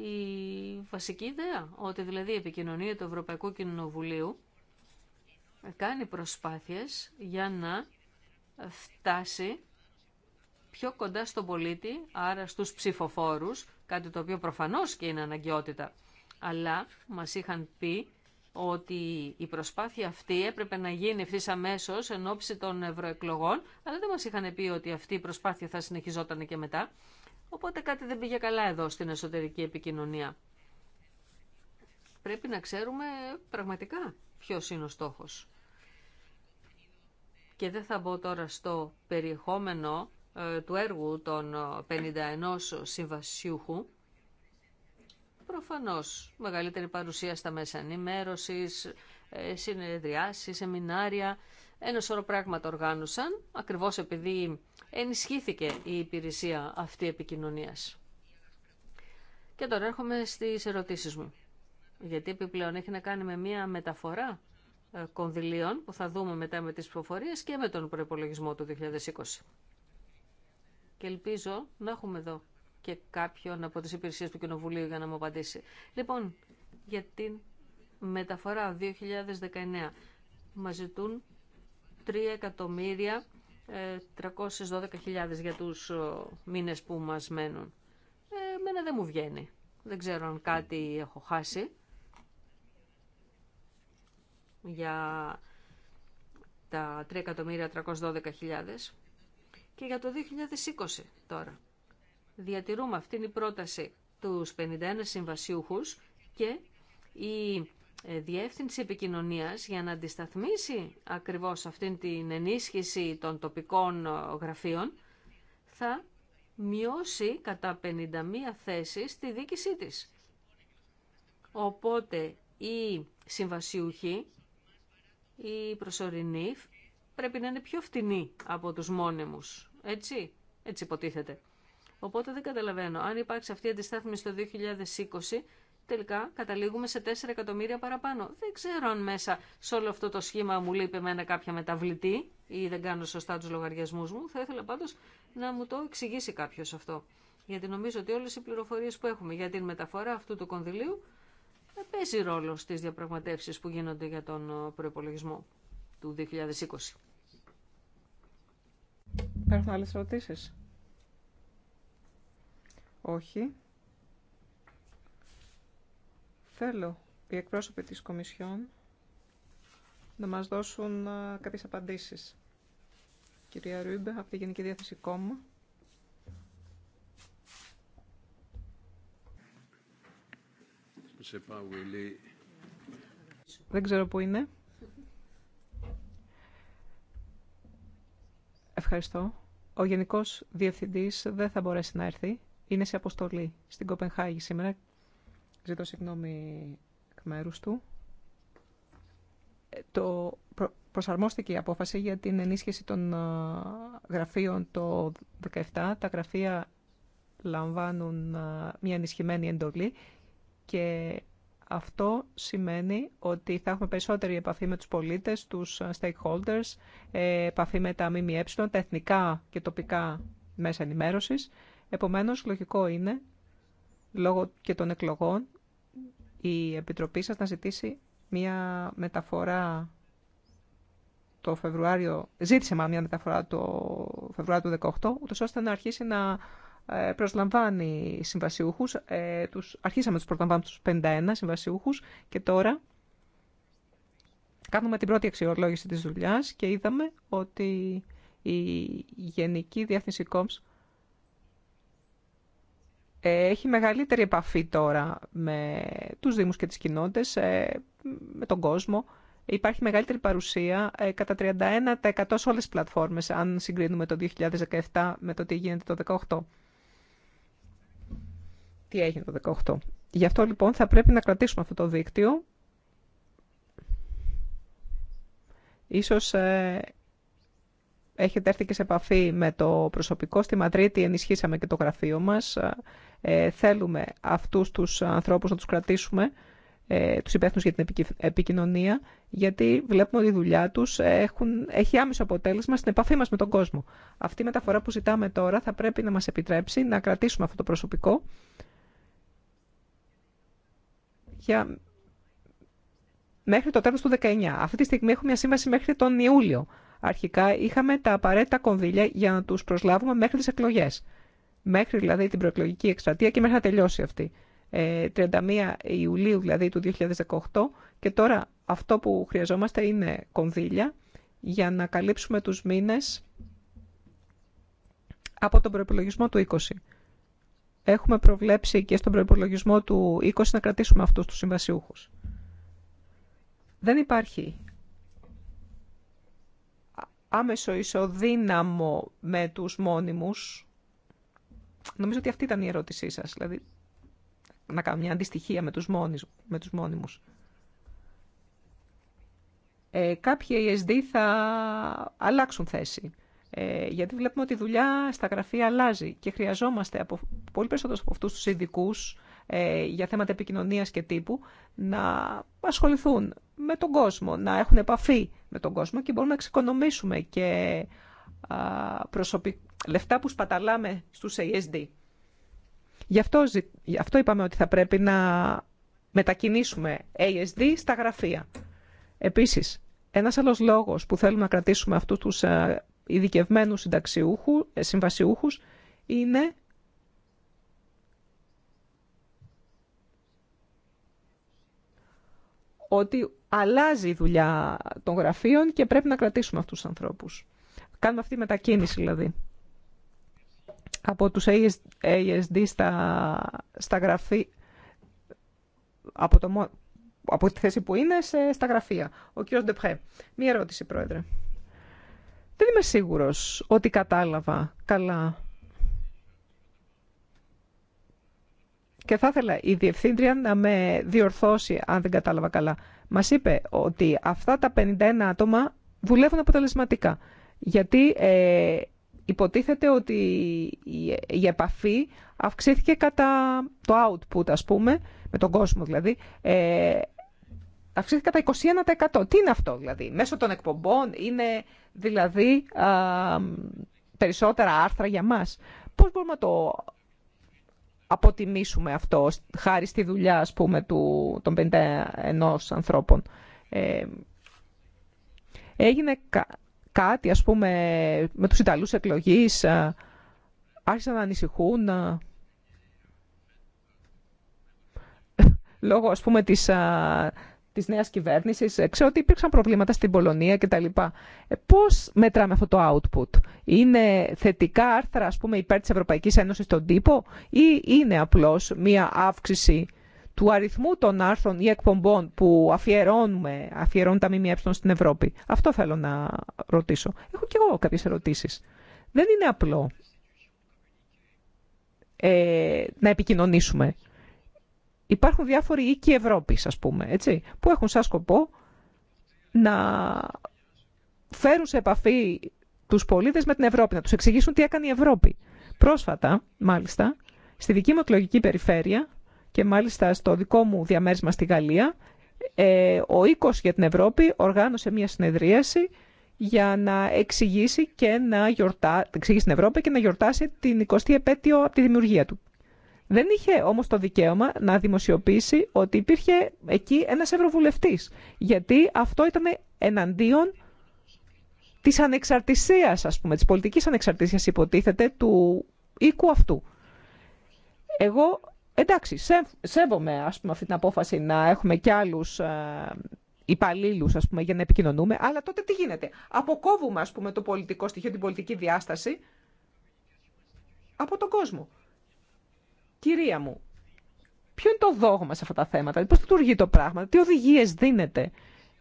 Speaker 2: η βασική ιδέα. Ότι δηλαδή η επικοινωνία του Ευρωπαϊκού Κοινοβουλίου κάνει προσπάθειες για να φτάσει πιο κοντά στον πολίτη, άρα στους ψηφοφόρους, κάτι το οποίο προφανώς και είναι αναγκαιότητα. Αλλά μας είχαν πει ότι η προσπάθεια αυτή έπρεπε να γίνει ευθύ αμέσω εν ώψη των ευρωεκλογών, αλλά δεν μας είχαν πει ότι αυτή η προσπάθεια θα συνεχιζόταν και μετά. Οπότε κάτι δεν πήγε καλά εδώ στην εσωτερική επικοινωνία. Πρέπει να ξέρουμε πραγματικά ποιος είναι ο στόχος και δεν θα μπω τώρα στο περιεχόμενο ε, του έργου των 51 ε, συμβασιούχου. Προφανώς, μεγαλύτερη παρουσία στα μέσα ενημέρωση, ε, συνεδριάσεις, σεμινάρια, ένα σωρό πράγματα οργάνωσαν, ακριβώς επειδή ενισχύθηκε η υπηρεσία αυτή επικοινωνίας. Και τώρα έρχομαι στις ερωτήσεις μου. Γιατί επιπλέον έχει να κάνει με μία μεταφορά ε, κονδυλίων που θα δούμε μετά με τις προφορίες και με τον προπολογισμό του 2020. Και ελπίζω να έχουμε εδώ και κάποιον από τις υπηρεσίες του Κοινοβουλίου για να μου απαντήσει. Λοιπόν, για την μεταφορά 2019 μας ζητούν 3 εκατομμύρια 312.000 ε, για τους ε, μήνες που μας μένουν. Ε, εμένα δεν μου βγαίνει. Δεν ξέρω αν κάτι έχω χάσει για τα 3.312.000 και για το 2020 τώρα. Διατηρούμε αυτήν η πρόταση τους 51 συμβασιούχους και η ε, Διεύθυνση Επικοινωνίας για να αντισταθμίσει ακριβώς αυτήν την ενίσχυση των τοπικών ε, γραφείων θα μειώσει κατά 51 θέσεις τη δίκησή της. Οπότε οι συμβασιούχοι η προσωρινή πρέπει να είναι πιο φτηνή από τους μόνιμους. Έτσι, έτσι υποτίθεται. Οπότε δεν καταλαβαίνω. Αν υπάρξει αυτή η αντιστάθμιση το 2020, τελικά καταλήγουμε σε 4 εκατομμύρια παραπάνω. Δεν ξέρω αν μέσα σε όλο αυτό το σχήμα μου λείπει εμένα κάποια μεταβλητή ή δεν κάνω σωστά τους λογαριασμούς μου. Θα ήθελα πάντως να μου το εξηγήσει κάποιο αυτό. Γιατί νομίζω ότι όλες οι πληροφορίες που έχουμε για την μεταφορά αυτού του κονδυλίου δεν παίζει ρόλο στις διαπραγματεύσεις που γίνονται για τον ε, προπολογισμό του 2020.
Speaker 3: Υπάρχουν άλλες ερωτήσεις. Όχι. Θέλω οι εκπρόσωποι της Κομισιόν να μας δώσουν ε, κάποιες απαντήσεις. Κυρία Ρούμπε, από τη Γενική Διάθεση Κόμμα. Δεν ξέρω πού είναι. Ευχαριστώ. Ο Γενικός Διευθυντής δεν θα μπορέσει να έρθει. Είναι σε αποστολή στην Κοπενχάγη σήμερα. Ζητώ συγγνώμη εκ μέρους του. Ε, το Προσαρμόστηκε η απόφαση για την ενίσχυση των γραφείων το 2017. Τα γραφεία λαμβάνουν μια ενισχυμένη εντολή και αυτό σημαίνει ότι θα έχουμε περισσότερη επαφή με τους πολίτες, τους stakeholders, ε, επαφή με τα ΜΜΕ, τα εθνικά και τοπικά μέσα ενημέρωσης. Επομένως, λογικό είναι, λόγω και των εκλογών, η Επιτροπή σας να ζητήσει μια μεταφορά το Φεβρουάριο, ζήτησε μάλλον μια μεταφορά το Φεβρουάριο του 2018, ούτως ώστε να αρχίσει να ε, προσλαμβάνει συμβασιούχους. Ε, τους, αρχίσαμε τους προσλαμβάνουμε τους 51 συμβασιούχους και τώρα κάνουμε την πρώτη αξιολόγηση της δουλειά και είδαμε ότι η Γενική Διεύθυνση Κόμψ ε, έχει μεγαλύτερη επαφή τώρα με τους Δήμους και τις κοινότητες, ε, με τον κόσμο. Υπάρχει μεγαλύτερη παρουσία κατά 31% σε όλες τις πλατφόρμες, αν συγκρίνουμε το 2017 με το τι γίνεται το 2018 τι έγινε το 2018. Γι' αυτό λοιπόν θα πρέπει να κρατήσουμε αυτό το δίκτυο. Ίσως ε, έχετε έρθει και σε επαφή με το προσωπικό. Στη Μαδρίτη ενισχύσαμε και το γραφείο μας. Ε, θέλουμε αυτούς τους ανθρώπους να τους κρατήσουμε, ε, τους υπεύθυνους για την επικοινωνία, γιατί βλέπουμε ότι η δουλειά τους έχουν, έχει άμεσο αποτέλεσμα στην επαφή μας με τον κόσμο. Αυτή η μεταφορά που ζητάμε τώρα θα πρέπει να μας επιτρέψει να κρατήσουμε αυτό το προσωπικό για μέχρι το τέλος του 19. Αυτή τη στιγμή έχουμε μια σύμβαση μέχρι τον Ιούλιο. Αρχικά είχαμε τα απαραίτητα κονδύλια για να τους προσλάβουμε μέχρι τις εκλογές. Μέχρι δηλαδή την προεκλογική εκστρατεία και μέχρι να τελειώσει αυτή. 31 ε, Ιουλίου δηλαδή του 2018 και τώρα αυτό που χρειαζόμαστε είναι κονδύλια για να καλύψουμε τους μήνες από τον προπολογισμό του 20 έχουμε προβλέψει και στον προϋπολογισμό του 20 να κρατήσουμε αυτούς τους συμβασιούχους. Δεν υπάρχει άμεσο ισοδύναμο με τους μόνιμους. Νομίζω ότι αυτή ήταν η ερώτησή σας, δηλαδή να κάνω μια αντιστοιχία με τους, μόνις, με τους μόνιμους. Ε, κάποιοι ESD ε θα αλλάξουν θέση. Ε, γιατί βλέπουμε ότι η δουλειά στα γραφεία αλλάζει και χρειαζόμαστε από, πολύ περισσότερους από αυτού τους ειδικού ε, για θέματα επικοινωνία και τύπου να ασχοληθούν με τον κόσμο, να έχουν επαφή με τον κόσμο και μπορούμε να εξοικονομήσουμε και α, λεφτά που σπαταλάμε στους ASD. Γι αυτό, αυτό είπαμε ότι θα πρέπει να μετακινήσουμε ASD στα γραφεία. Επίσης, ένας άλλος λόγος που θέλουμε να κρατήσουμε αυτούς τους ε, ειδικευμένους ε, συμβασιούχους είναι ότι αλλάζει η δουλειά των γραφείων και πρέπει να κρατήσουμε αυτούς τους ανθρώπους. Κάνουμε αυτή τη μετακίνηση δηλαδή. Από τους ASD στα, στα γραφεία, από, το, από τη θέση που είναι σε, στα γραφεία. Ο κύριος Ντεπχέ. Μία ερώτηση, Πρόεδρε. Δεν είμαι σίγουρος ότι κατάλαβα καλά. Και θα ήθελα η Διευθύντρια να με διορθώσει αν δεν κατάλαβα καλά. Μας είπε ότι αυτά τα 51 άτομα δουλεύουν αποτελεσματικά. Γιατί ε, υποτίθεται ότι η επαφή αυξήθηκε κατά το output, ας πούμε, με τον κόσμο δηλαδή, ε, αυξήθηκε κατά 21%. Τι είναι αυτό δηλαδή, μέσω των εκπομπών, είναι Δηλαδή, α, περισσότερα άρθρα για μας. Πώς μπορούμε να το αποτιμήσουμε αυτό, χάρη στη δουλειά, ας πούμε, του, των 51 ανθρώπων. Ε, έγινε κάτι, ας πούμε, με τους Ιταλούς εκλογής, άρχισαν να ανησυχούν, λόγω, ας πούμε, της Τη νέα κυβέρνηση, ε, Ξέρω ότι υπήρξαν προβλήματα στην Πολωνία κτλ. Ε, πώς μετράμε αυτό το output. Είναι θετικά άρθρα ας πούμε, υπέρ τη Ευρωπαϊκής Ένωση στον τύπο ή είναι απλώς μία αύξηση του αριθμού των άρθρων ή εκπομπών που αφιερώνουμε, αφιερώνουν τα ΜΜΕ στην Ευρώπη. Αυτό θέλω να ρωτήσω. Έχω κι εγώ κάποιες ερωτήσεις. Δεν είναι απλό ε, να επικοινωνήσουμε υπάρχουν διάφοροι οίκοι Ευρώπης, ας πούμε, έτσι, που έχουν σαν σκοπό να φέρουν σε επαφή τους πολίτες με την Ευρώπη, να τους εξηγήσουν τι έκανε η Ευρώπη. Πρόσφατα, μάλιστα, στη δική μου εκλογική περιφέρεια και μάλιστα στο δικό μου διαμέρισμα στη Γαλλία, ε, ο οίκος για την Ευρώπη οργάνωσε μια συνεδρίαση για να εξηγήσει και να γιορτά... εξηγήσει την Ευρώπη και να γιορτάσει την 20η επέτειο από τη δημιουργία του. Δεν είχε όμω το δικαίωμα να δημοσιοποιήσει ότι υπήρχε εκεί ένας ευρωβουλευτή. γιατί αυτό ήταν εναντίον της ανεξαρτησίας, ας πούμε, της πολιτικής ανεξαρτησίας υποτίθεται του οίκου αυτού. Εγώ, εντάξει, σέβομαι ας πούμε, αυτή την απόφαση να έχουμε και άλλους ε, υπαλλήλου, για να επικοινωνούμε, αλλά τότε τι γίνεται. Αποκόβουμε, ας πούμε, το πολιτικό στοιχείο, την πολιτική διάσταση από τον κόσμο. Κυρία μου, ποιο είναι το δόγμα σε αυτά τα θέματα, πώς λειτουργεί το πράγμα, τι οδηγίες δίνεται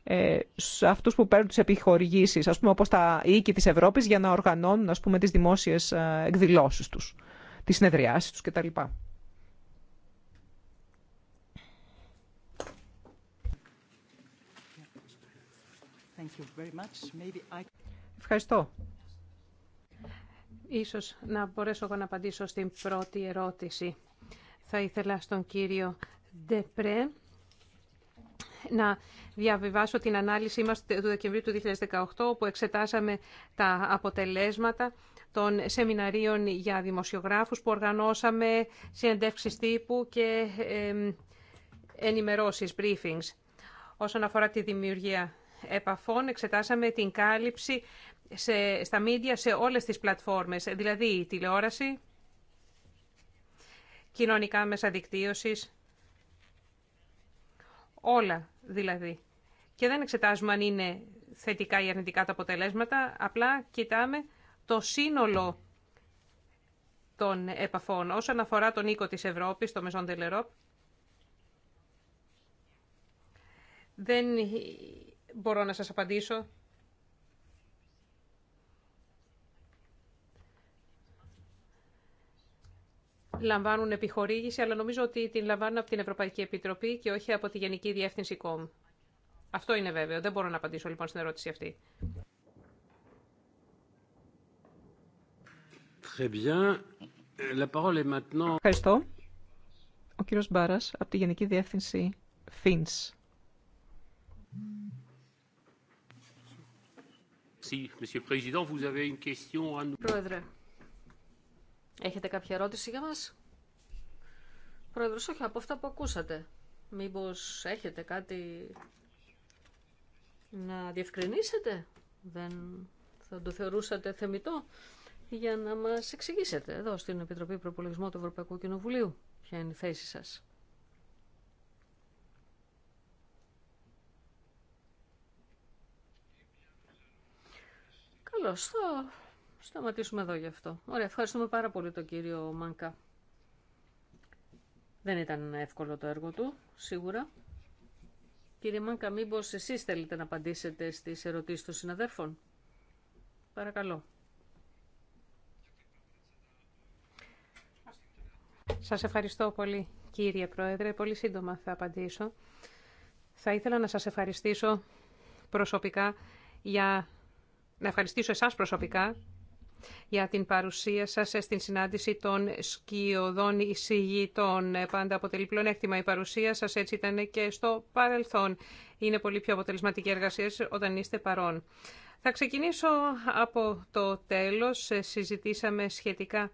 Speaker 3: ε, σε αυτούς που παίρνουν τις επιχορηγήσεις, ας πούμε όπως τα οίκη της Ευρώπης για να οργανώνουν ας πούμε, τις δημόσιες ε, εκδηλώσεις τους, τις συνεδριάσεις τους κτλ.
Speaker 1: Ευχαριστώ. Ίσως να μπορέσω εγώ να απαντήσω στην πρώτη ερώτηση. Θα ήθελα στον κύριο Ντεπρέ να διαβιβάσω την ανάλυση μας του Δεκεμβρίου του 2018, όπου εξετάσαμε τα αποτελέσματα των σεμιναρίων για δημοσιογράφους που οργανώσαμε, συνεντεύξεις τύπου και ενημερώσεις, briefings. Όσον αφορά τη δημιουργία επαφών, εξετάσαμε την κάλυψη σε, στα μίντια σε όλες τις πλατφόρμες, δηλαδή τηλεόραση, κοινωνικά μέσα δικτύωσης, όλα δηλαδή. Και δεν εξετάζουμε αν είναι θετικά ή αρνητικά τα αποτελέσματα, απλά κοιτάμε το σύνολο των επαφών. Όσον αφορά τον οίκο της Ευρώπης, το Maison δεν μπορώ να σας απαντήσω. λαμβάνουν επιχορήγηση, αλλά νομίζω ότι την λαμβάνουν από την Ευρωπαϊκή Επιτροπή και όχι από τη Γενική Διεύθυνση ΚΟΜ. Αυτό είναι βέβαιο. Δεν μπορώ να απαντήσω λοιπόν στην ερώτηση αυτή. Ευχαριστώ.
Speaker 3: Ο κύριος Μπάρας από τη Γενική Διεύθυνση ΦΙΝΣ.
Speaker 2: Πρόεδρε, Έχετε κάποια ερώτηση για μας? Πρόεδρος, όχι, από αυτά που ακούσατε. Μήπως έχετε κάτι να διευκρινίσετε, δεν θα το θεωρούσατε θεμητό, για να μας εξηγήσετε εδώ στην Επιτροπή Προπολογισμού του Ευρωπαϊκού Κοινοβουλίου ποια είναι η θέση σας. Καλώς, θα σταματήσουμε εδώ γι' αυτό. Ωραία, ευχαριστούμε πάρα πολύ τον κύριο Μάνκα. Δεν ήταν εύκολο το έργο του, σίγουρα. Κύριε Μάνκα, μήπως εσείς θέλετε να απαντήσετε στις ερωτήσεις των συναδέρφων.
Speaker 1: Παρακαλώ. Σας ευχαριστώ πολύ, κύριε Πρόεδρε. Πολύ σύντομα θα απαντήσω. Θα ήθελα να σας ευχαριστήσω προσωπικά για... Να ευχαριστήσω εσάς προσωπικά για την παρουσία σας στην συνάντηση των σκιωδών εισηγητών. Ε, πάντα αποτελεί πλονέκτημα η παρουσία σας, έτσι ήταν και στο παρελθόν. Είναι πολύ πιο αποτελεσματική εργασία όταν είστε παρόν. Θα ξεκινήσω από το τέλος. Ε, συζητήσαμε σχετικά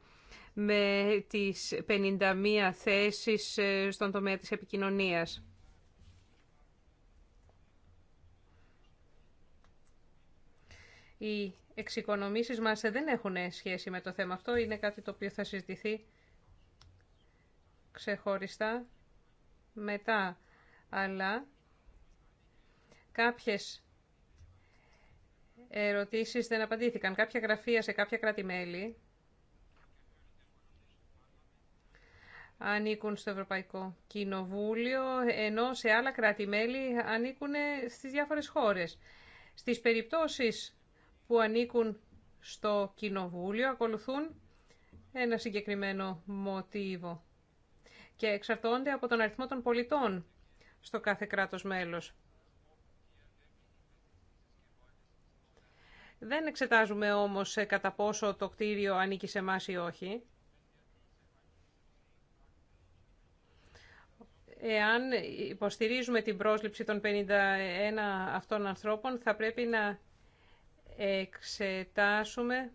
Speaker 1: με τις 51 θέσεις ε, στον τομέα της επικοινωνίας εξοικονομήσει μας ε, δεν έχουν σχέση με το θέμα αυτό. Είναι κάτι το οποίο θα συζητηθεί ξεχωριστά μετά. Αλλά κάποιες ερωτήσεις δεν απαντήθηκαν. Κάποια γραφεία σε κάποια κράτη-μέλη ανήκουν στο Ευρωπαϊκό Κοινοβούλιο, ενώ σε άλλα κράτη-μέλη ανήκουν στις διάφορες χώρες. Στις περιπτώσεις που ανήκουν στο κοινοβούλιο ακολουθούν ένα συγκεκριμένο μοτίβο και εξαρτώνται από τον αριθμό των πολιτών στο κάθε κράτος μέλος. Δεν εξετάζουμε όμως κατά πόσο το κτίριο ανήκει σε εμάς ή όχι. Εάν υποστηρίζουμε την πρόσληψη των 51 αυτών ανθρώπων, θα πρέπει να εξετάσουμε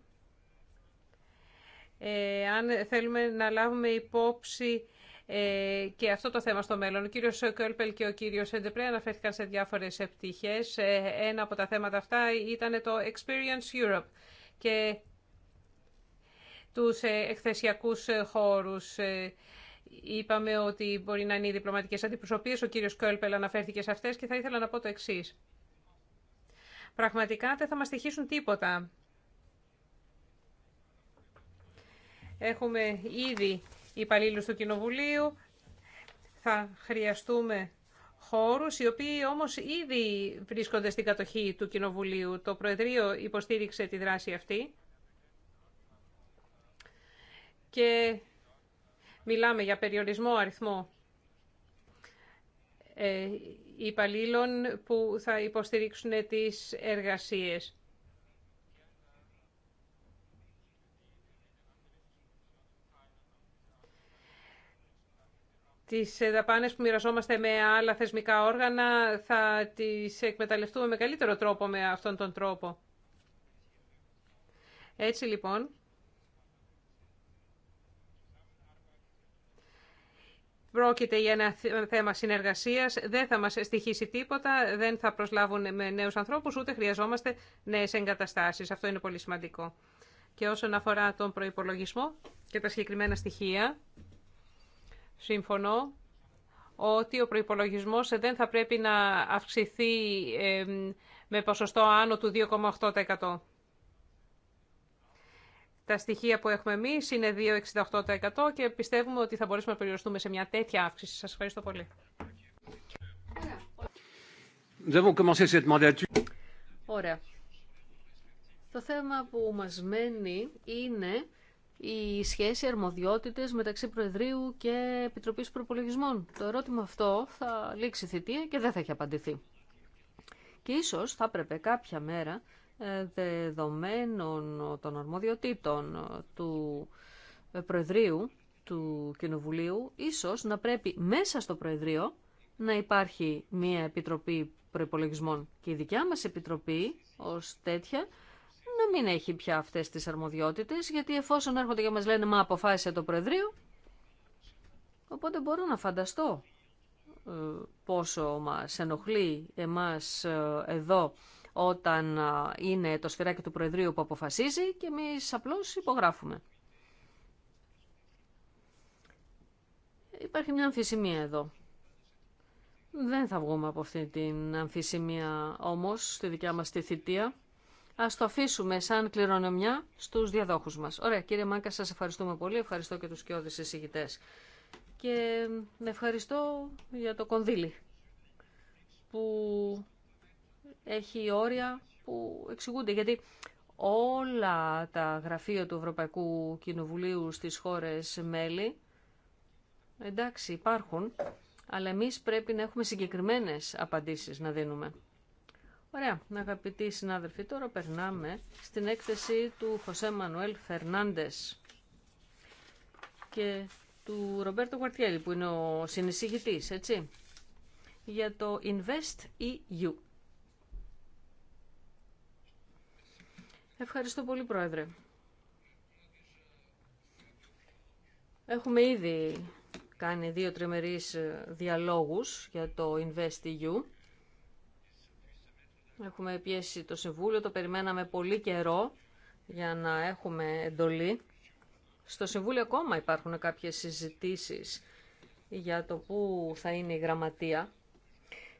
Speaker 1: ε, αν θέλουμε να λάβουμε υπόψη ε, και αυτό το θέμα στο μέλλον. Ο κύριος Κόλπελ και ο κύριος Εντεπρέ αναφέρθηκαν σε διάφορες επιτυχίες. Ε, ένα από τα θέματα αυτά ήταν το Experience Europe και τους εκθεσιακούς χώρους. Είπαμε ότι μπορεί να είναι οι διπλωματικές αντιπροσωπείες. Ο κύριος Κόλπελ αναφέρθηκε σε αυτές και θα ήθελα να πω το εξής πραγματικά δεν θα μας στοιχήσουν τίποτα. Έχουμε ήδη υπαλλήλου του Κοινοβουλίου, θα χρειαστούμε χώρους οι οποίοι όμως ήδη βρίσκονται στην κατοχή του Κοινοβουλίου. Το Προεδρείο υποστήριξε τη δράση αυτή και μιλάμε για περιορισμό αριθμό ε, υπαλλήλων που θα υποστηρίξουν τις εργασίες. Τις δαπάνες που μοιραζόμαστε με άλλα θεσμικά όργανα θα τις εκμεταλλευτούμε με καλύτερο τρόπο με αυτόν τον τρόπο. Έτσι λοιπόν, Πρόκειται για ένα θέμα συνεργασία δεν θα μας στοιχήσει τίποτα, δεν θα προσλάβουν με νέους ανθρώπους, ούτε χρειαζόμαστε νέες εγκαταστάσεις. Αυτό είναι πολύ σημαντικό. Και όσον αφορά τον προϋπολογισμό και τα συγκεκριμένα στοιχεία, συμφωνώ ότι ο προϋπολογισμός δεν θα πρέπει να αυξηθεί με ποσοστό άνω του 2,8%. Τα στοιχεία που έχουμε εμεί είναι 2,68% και πιστεύουμε ότι θα μπορέσουμε να περιοριστούμε σε μια τέτοια αύξηση. Σα ευχαριστώ πολύ. Ωραία.
Speaker 2: Το θέμα που μας μένει είναι η σχέση αρμοδιότητες μεταξύ Προεδρείου και Επιτροπής Προπολογισμών. Το ερώτημα αυτό θα λήξει θητεία και δεν θα έχει απαντηθεί. Και ίσως θα έπρεπε κάποια μέρα δεδομένων των αρμοδιοτήτων του προεδρίου του Κοινοβουλίου, ίσως να πρέπει μέσα στο Προεδρείο να υπάρχει μια Επιτροπή Προϋπολογισμών και η δικιά μας Επιτροπή ως τέτοια να μην έχει πια αυτές τις αρμοδιότητες, γιατί εφόσον έρχονται και μας λένε «Μα αποφάσισε το Προεδρείο», οπότε μπορώ να φανταστώ ε, πόσο μας ενοχλεί εμάς ε, εδώ όταν είναι το σφυράκι του Προεδρείου που αποφασίζει και εμείς απλώς υπογράφουμε. Υπάρχει μια αμφισημία εδώ. Δεν θα βγούμε από αυτή την αμφισημία όμως στη δικιά μας τη θητεία. Ας το αφήσουμε σαν κληρονομιά στους διαδόχους μας. Ωραία, κύριε Μάκα, σας ευχαριστούμε πολύ. Ευχαριστώ και τους κοιόδης εισηγητές. Και ευχαριστώ για το κονδύλι που έχει όρια που εξηγούνται. Γιατί όλα τα γραφεία του Ευρωπαϊκού Κοινοβουλίου στις χώρες μέλη, εντάξει υπάρχουν, αλλά εμείς πρέπει να έχουμε συγκεκριμένες απαντήσεις να δίνουμε. Ωραία, αγαπητοί συνάδελφοι, τώρα περνάμε στην έκθεση του Χωσέ Μανουέλ Φερνάντες και του Ρομπέρτο Κουαρτιέλη, που είναι ο συνεισηγητής, έτσι, για το Invest EU. Ευχαριστώ πολύ, Πρόεδρε. Έχουμε ήδη κάνει δύο τριμερείς ε, διαλόγους για το InvestEU. Έχουμε πιέσει το Συμβούλιο, το περιμέναμε πολύ καιρό για να έχουμε εντολή. Στο Συμβούλιο ακόμα υπάρχουν κάποιες συζητήσεις για το πού θα είναι η γραμματεία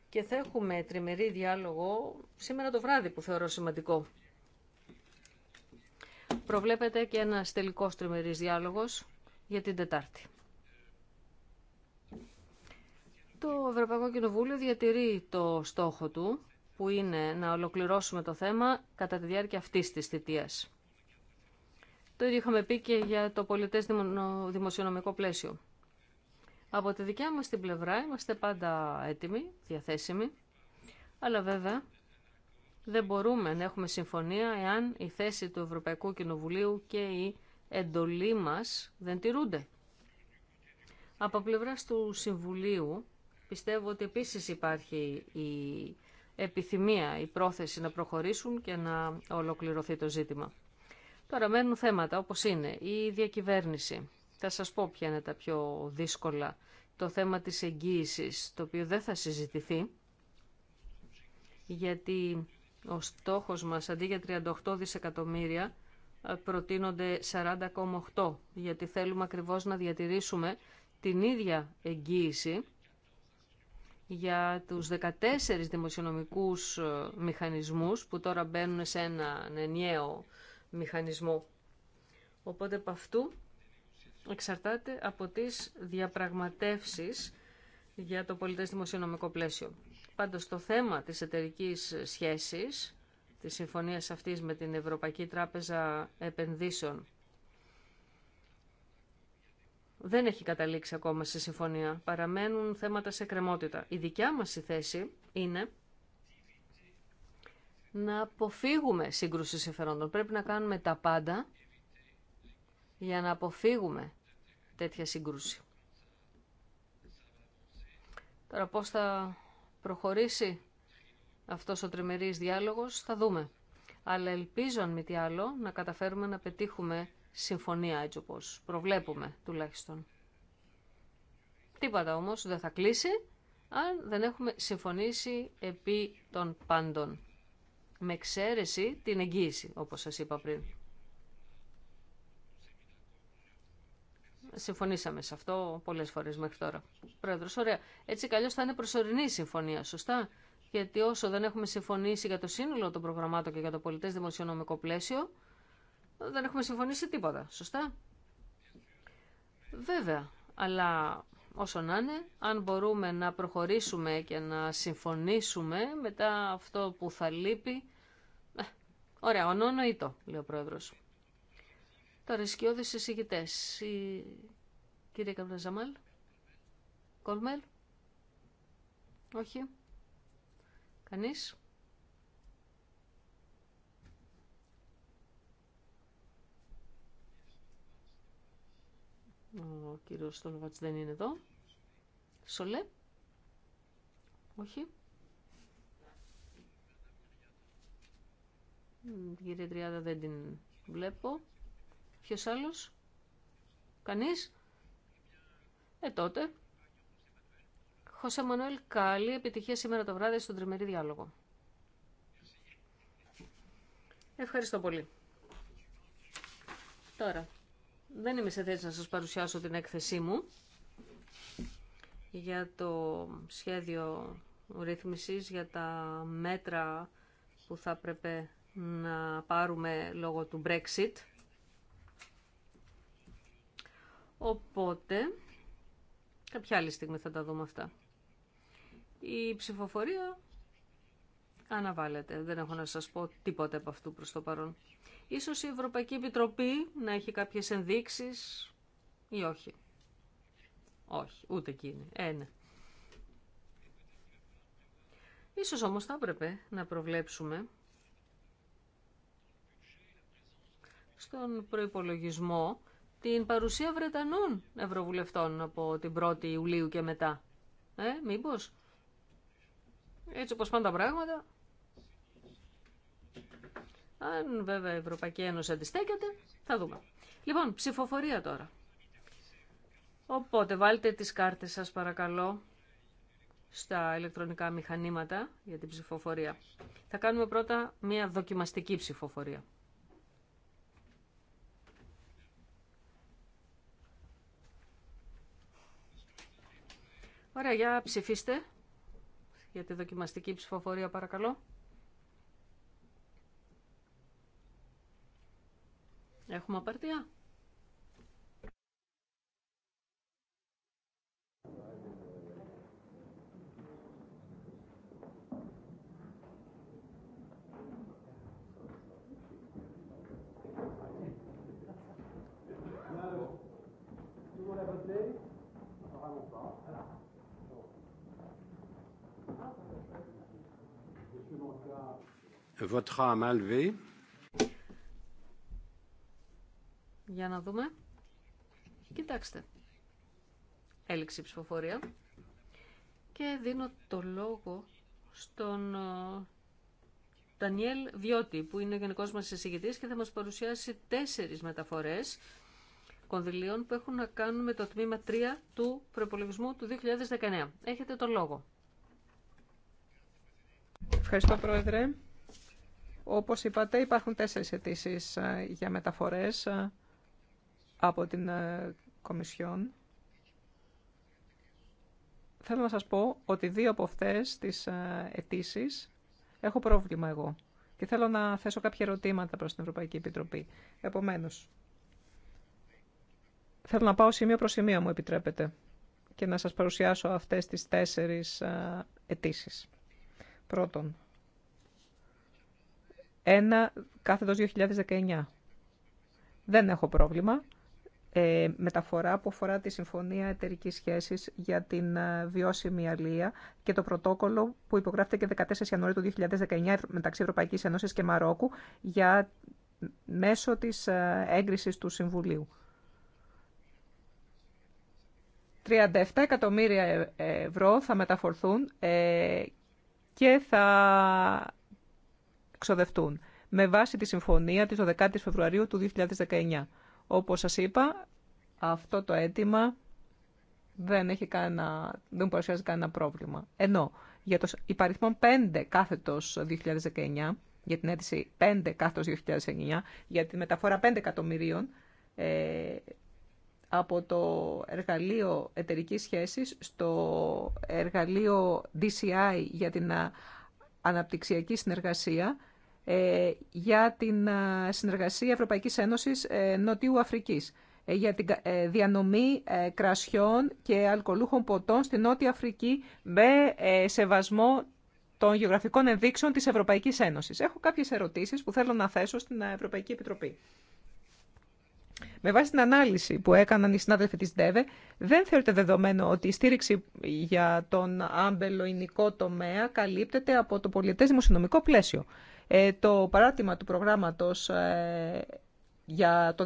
Speaker 2: και θα έχουμε τριμερή διάλογο σήμερα το βράδυ που θεωρώ σημαντικό προβλέπεται και ένα τελικό τριμερής διάλογος για την Τετάρτη. Το Ευρωπαϊκό Κοινοβούλιο διατηρεί το στόχο του, που είναι να ολοκληρώσουμε το θέμα κατά τη διάρκεια αυτής της θητεία. Το ίδιο είχαμε πει και για το πολιτέ δημοσιονομικό πλαίσιο. Από τη δικιά μας την πλευρά είμαστε πάντα έτοιμοι, διαθέσιμοι, αλλά βέβαια δεν μπορούμε να έχουμε συμφωνία εάν η θέση του Ευρωπαϊκού Κοινοβουλίου και η εντολή μας δεν τηρούνται. Από πλευρά του Συμβουλίου πιστεύω ότι επίσης υπάρχει η επιθυμία, η πρόθεση να προχωρήσουν και να ολοκληρωθεί το ζήτημα. Τώρα μένουν θέματα όπως είναι η διακυβέρνηση. Θα σας πω ποια είναι τα πιο δύσκολα. Το θέμα της εγγύησης, το οποίο δεν θα συζητηθεί, γιατί ο στόχος μας αντί για 38 δισεκατομμύρια ε, προτείνονται 40,8 γιατί θέλουμε ακριβώς να διατηρήσουμε την ίδια εγγύηση για τους 14 δημοσιονομικούς ε, μηχανισμούς που τώρα μπαίνουν σε ένα ενιαίο μηχανισμό. Οπότε από αυτού εξαρτάται από τις διαπραγματεύσεις για το πολιτές δημοσιονομικό πλαίσιο. Πάντως το θέμα της εταιρική σχέσης, της συμφωνίας αυτής με την Ευρωπαϊκή Τράπεζα Επενδύσεων, δεν έχει καταλήξει ακόμα σε συμφωνία. Παραμένουν θέματα σε κρεμότητα. Η δικιά μας θέση είναι να αποφύγουμε σύγκρουση συμφερόντων. Πρέπει να κάνουμε τα πάντα για να αποφύγουμε τέτοια σύγκρουση. Τώρα πώς θα προχωρήσει αυτός ο τριμερής διάλογος, θα δούμε. Αλλά ελπίζω, αν μη τι άλλο, να καταφέρουμε να πετύχουμε συμφωνία έτσι όπως προβλέπουμε τουλάχιστον. Τίποτα όμως δεν θα κλείσει αν δεν έχουμε συμφωνήσει επί των πάντων. Με εξαίρεση την εγγύηση, όπως σας είπα πριν. Συμφωνήσαμε σε αυτό πολλές φορές μέχρι τώρα. Πρόεδρο, ωραία. Έτσι καλώς θα είναι προσωρινή συμφωνία, σωστά. Γιατί όσο δεν έχουμε συμφωνήσει για το σύνολο των προγραμμάτων και για το πολιτέ δημοσιονομικό πλαίσιο, δεν έχουμε συμφωνήσει τίποτα, σωστά. Βέβαια, αλλά όσο να είναι, αν μπορούμε να προχωρήσουμε και να συμφωνήσουμε μετά αυτό που θα λείπει, ε, ωραία, το, λέει ο Πρόεδρος. Τα οι εισηγητές. Η... Κύριε Καπναζαμάλ. Κολμέλ. Όχι. Κανείς. Ο κύριος Στολβατς δεν είναι εδώ. Σολέ. Όχι. Κύριε κυρία Τριάδα δεν την βλέπω. Ποιος άλλος? Κανείς? Ε, τότε. Χωσέ Μανουέλ καλή επιτυχία σήμερα το βράδυ στον τριμερή διάλογο. Ευχαριστώ πολύ. Τώρα, δεν είμαι σε θέση να σας παρουσιάσω την έκθεσή μου για το σχέδιο ρύθμισης, για τα μέτρα που θα πρέπει να πάρουμε λόγω του Brexit Οπότε, κάποια άλλη στιγμή θα τα δούμε αυτά. Η ψηφοφορία αναβάλλεται. Δεν έχω να σας πω τίποτα από αυτού προς το παρόν. Ίσως η Ευρωπαϊκή Επιτροπή να έχει κάποιες ενδείξεις ή όχι. Όχι, ούτε εκείνη. Ένα. Ε, Ίσως όμως θα έπρεπε να προβλέψουμε στον προϋπολογισμό την παρουσία Βρετανών Ευρωβουλευτών από την 1η Ιουλίου και μετά. Ε, μήπως. Έτσι όπως πάνε τα πράγματα. Αν βέβαια η Ευρωπαϊκή οπως πάντα τα πραγματα αν αντιστέκεται, θα δούμε. Λοιπόν, ψηφοφορία τώρα. Οπότε βάλτε τις κάρτες σας παρακαλώ στα ηλεκτρονικά μηχανήματα για την ψηφοφορία. Θα κάνουμε πρώτα μια δοκιμαστική ψηφοφορία. Ωραία, για ψηφίστε. Για τη δοκιμαστική ψηφοφορία παρακαλώ. Έχουμε απαρτία. Για να δούμε. Κοιτάξτε. Έληξη ψηφοφορία. Και δίνω το λόγο στον ε, Ντανιέλ Βιώτη, που είναι ο γενικός μας εισηγητής και θα μα παρουσιάσει τέσσερι μεταφορέ κονδυλίων που έχουν να κάνουν με το τμήμα 3 του προπολογισμού του 2019. Έχετε το λόγο.
Speaker 3: Ευχαριστώ, Πρόεδρε. Όπως είπατε, υπάρχουν τέσσερις αιτήσει ε, για μεταφορές ε, από την ε, Κομισιόν. Θέλω να σας πω ότι δύο από αυτές τις αιτήσει έχω πρόβλημα εγώ. Και θέλω να θέσω κάποια ερωτήματα προς την Ευρωπαϊκή Επιτροπή. Επομένως, θέλω να πάω σημείο προς σημείο, μου επιτρέπετε, και να σας παρουσιάσω αυτές τις τέσσερις αιτήσει. Πρώτον, ένα κάθετος 2019. Δεν έχω πρόβλημα. Ε, μεταφορά που αφορά τη Συμφωνία Εταιρικής Σχέσης για την ε, βιώσιμη αλία και το πρωτόκολλο που υπογράφτηκε 14 Ιανουαρίου του 2019 μεταξύ Ευρωπαϊκής Ένωσης και Μαρόκου για, μέσω της ε, έγκρισης του Συμβουλίου. 37 εκατομμύρια ευρώ θα μεταφορθούν και θα με βάση τη συμφωνία της 10 ης Φεβρουαρίου του 2019. Όπως σας είπα, αυτό το αίτημα δεν, έχει κανένα, δεν παρουσιάζει κανένα πρόβλημα. Ενώ για το υπαριθμό 5 κάθετος 2019, για την αίτηση 5 κάθετος 2009, για τη μεταφορά 5 εκατομμυρίων ε, από το εργαλείο εταιρικής σχέσης στο εργαλείο DCI για την αναπτυξιακή συνεργασία ε, για την ε, συνεργασία Ευρωπαϊκής Ένωσης ε, Νοτιού Αφρικής για την διανομή κρασιών και αλκοολούχων ποτών στη Νότια Αφρική με σεβασμό των γεωγραφικών ενδείξεων της Ευρωπαϊκής Ένωσης. Έχω κάποιες ερωτήσεις που θέλω να θέσω στην Ευρωπαϊκή Επιτροπή. Με βάση την ανάλυση που έκαναν οι συνάδελφοι της ΔΕΒΕ, δεν θεωρείται δεδομένο ότι η στήριξη για τον άμπελο τομέα καλύπτεται από το πολιτές δημοσιονομικό πλαίσιο. Ε, το παράρτημα του προγράμματος ε, για το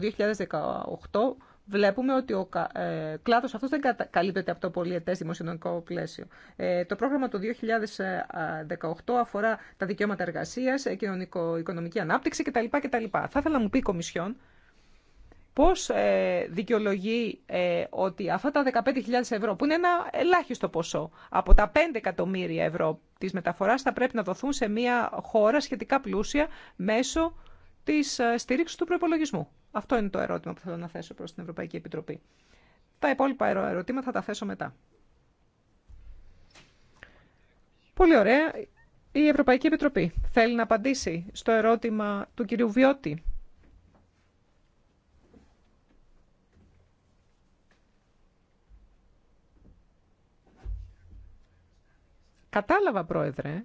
Speaker 3: 2018 βλέπουμε ότι ο ε, κλάδος αυτό δεν καλύπτεται από το πολιετές δημοσιονομικό πλαίσιο. Το πρόγραμμα του 2018 αφορά τα δικαιώματα εργασίας, κοινωνικο-οικονομική ανάπτυξη κτλ. κτλ. Θα ήθελα να μου πει η Κομισιόν Πώς ε, δικαιολογεί ε, ότι αυτά τα 15.000 ευρώ, που είναι ένα ελάχιστο ποσό, από τα 5 εκατομμύρια ευρώ της μεταφοράς θα πρέπει να δοθούν σε μια χώρα σχετικά πλούσια μέσω της ε, στήριξης του προπολογισμού. Αυτό είναι το ερώτημα που θέλω να θέσω προς την Ευρωπαϊκή Επιτροπή. Τα υπόλοιπα ερωτήματα θα τα θέσω μετά. Πολύ ωραία. Η Ευρωπαϊκή Επιτροπή θέλει να απαντήσει στο ερώτημα του κυρίου Βιώτη Κατάλαβα, Πρόεδρε,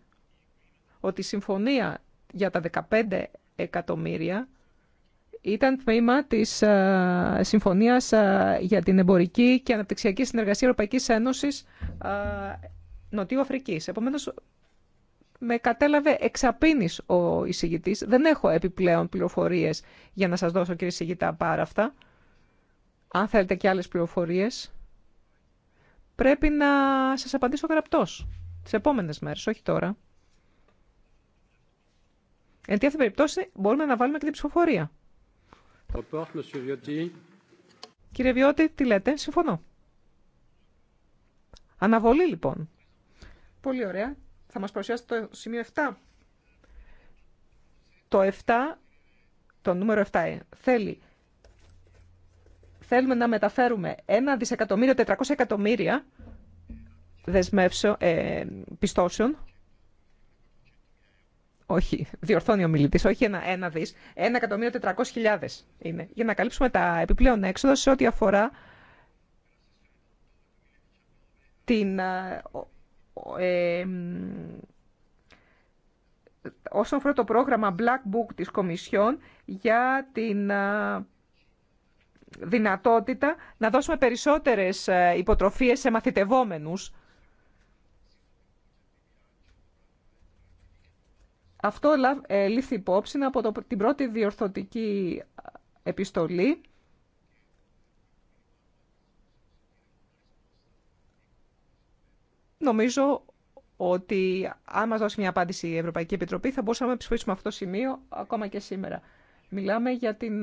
Speaker 3: ότι η συμφωνία για τα 15 εκατομμύρια ήταν τμήμα της ε, συμφωνίας ε, για την εμπορική και αναπτυξιακή συνεργασία Ευρωπαϊκής Ένωσης ε, Νοτιού Αφρικής. Επομένως, με κατέλαβε εξαπίνης ο εισηγητής. Δεν έχω επιπλέον πληροφορίες για να σας δώσω, κύριε εισηγητά, πάρα αυτά. Αν θέλετε και άλλες πληροφορίες, πρέπει να σας απαντήσω γραπτός τι επόμενε μέρε όχι τώρα. Εν τέτοια περιπτώσει μπορούμε να βάλουμε και την ψηφοφορία. Κύριε Βιώτη, τι λέτε, συμφωνώ. Αναβολή λοιπόν. Πολύ ωραία. Θα μας παρουσιάσετε το σημείο 7. Το 7, το νούμερο 7, ε, θέλει θέλουμε να μεταφέρουμε 1 δισεκατομμύριο 400 εκατομμύρια δεσμεύσεων, ε, πιστώσεων. Όχι, διορθώνει ο μιλητή, όχι ένα, ένα δι. Ένα εκατομμύριο είναι. Για να καλύψουμε τα επιπλέον έξοδα σε ό,τι αφορά την, ε, όσον αφορά το πρόγραμμα Black Book της Κομισιόν για την ε, δυνατότητα να δώσουμε περισσότερες ε, υποτροφίες σε μαθητευόμενους Αυτό ε, λήφθη υπόψη από την πρώτη διορθωτική επιστολή Νομίζω ότι αν μας δώσει μια απάντηση η Ευρωπαϊκή Επιτροπή θα μπορούσαμε να ψηφίσουμε αυτό το σημείο ακόμα και σήμερα. Μιλάμε για, την,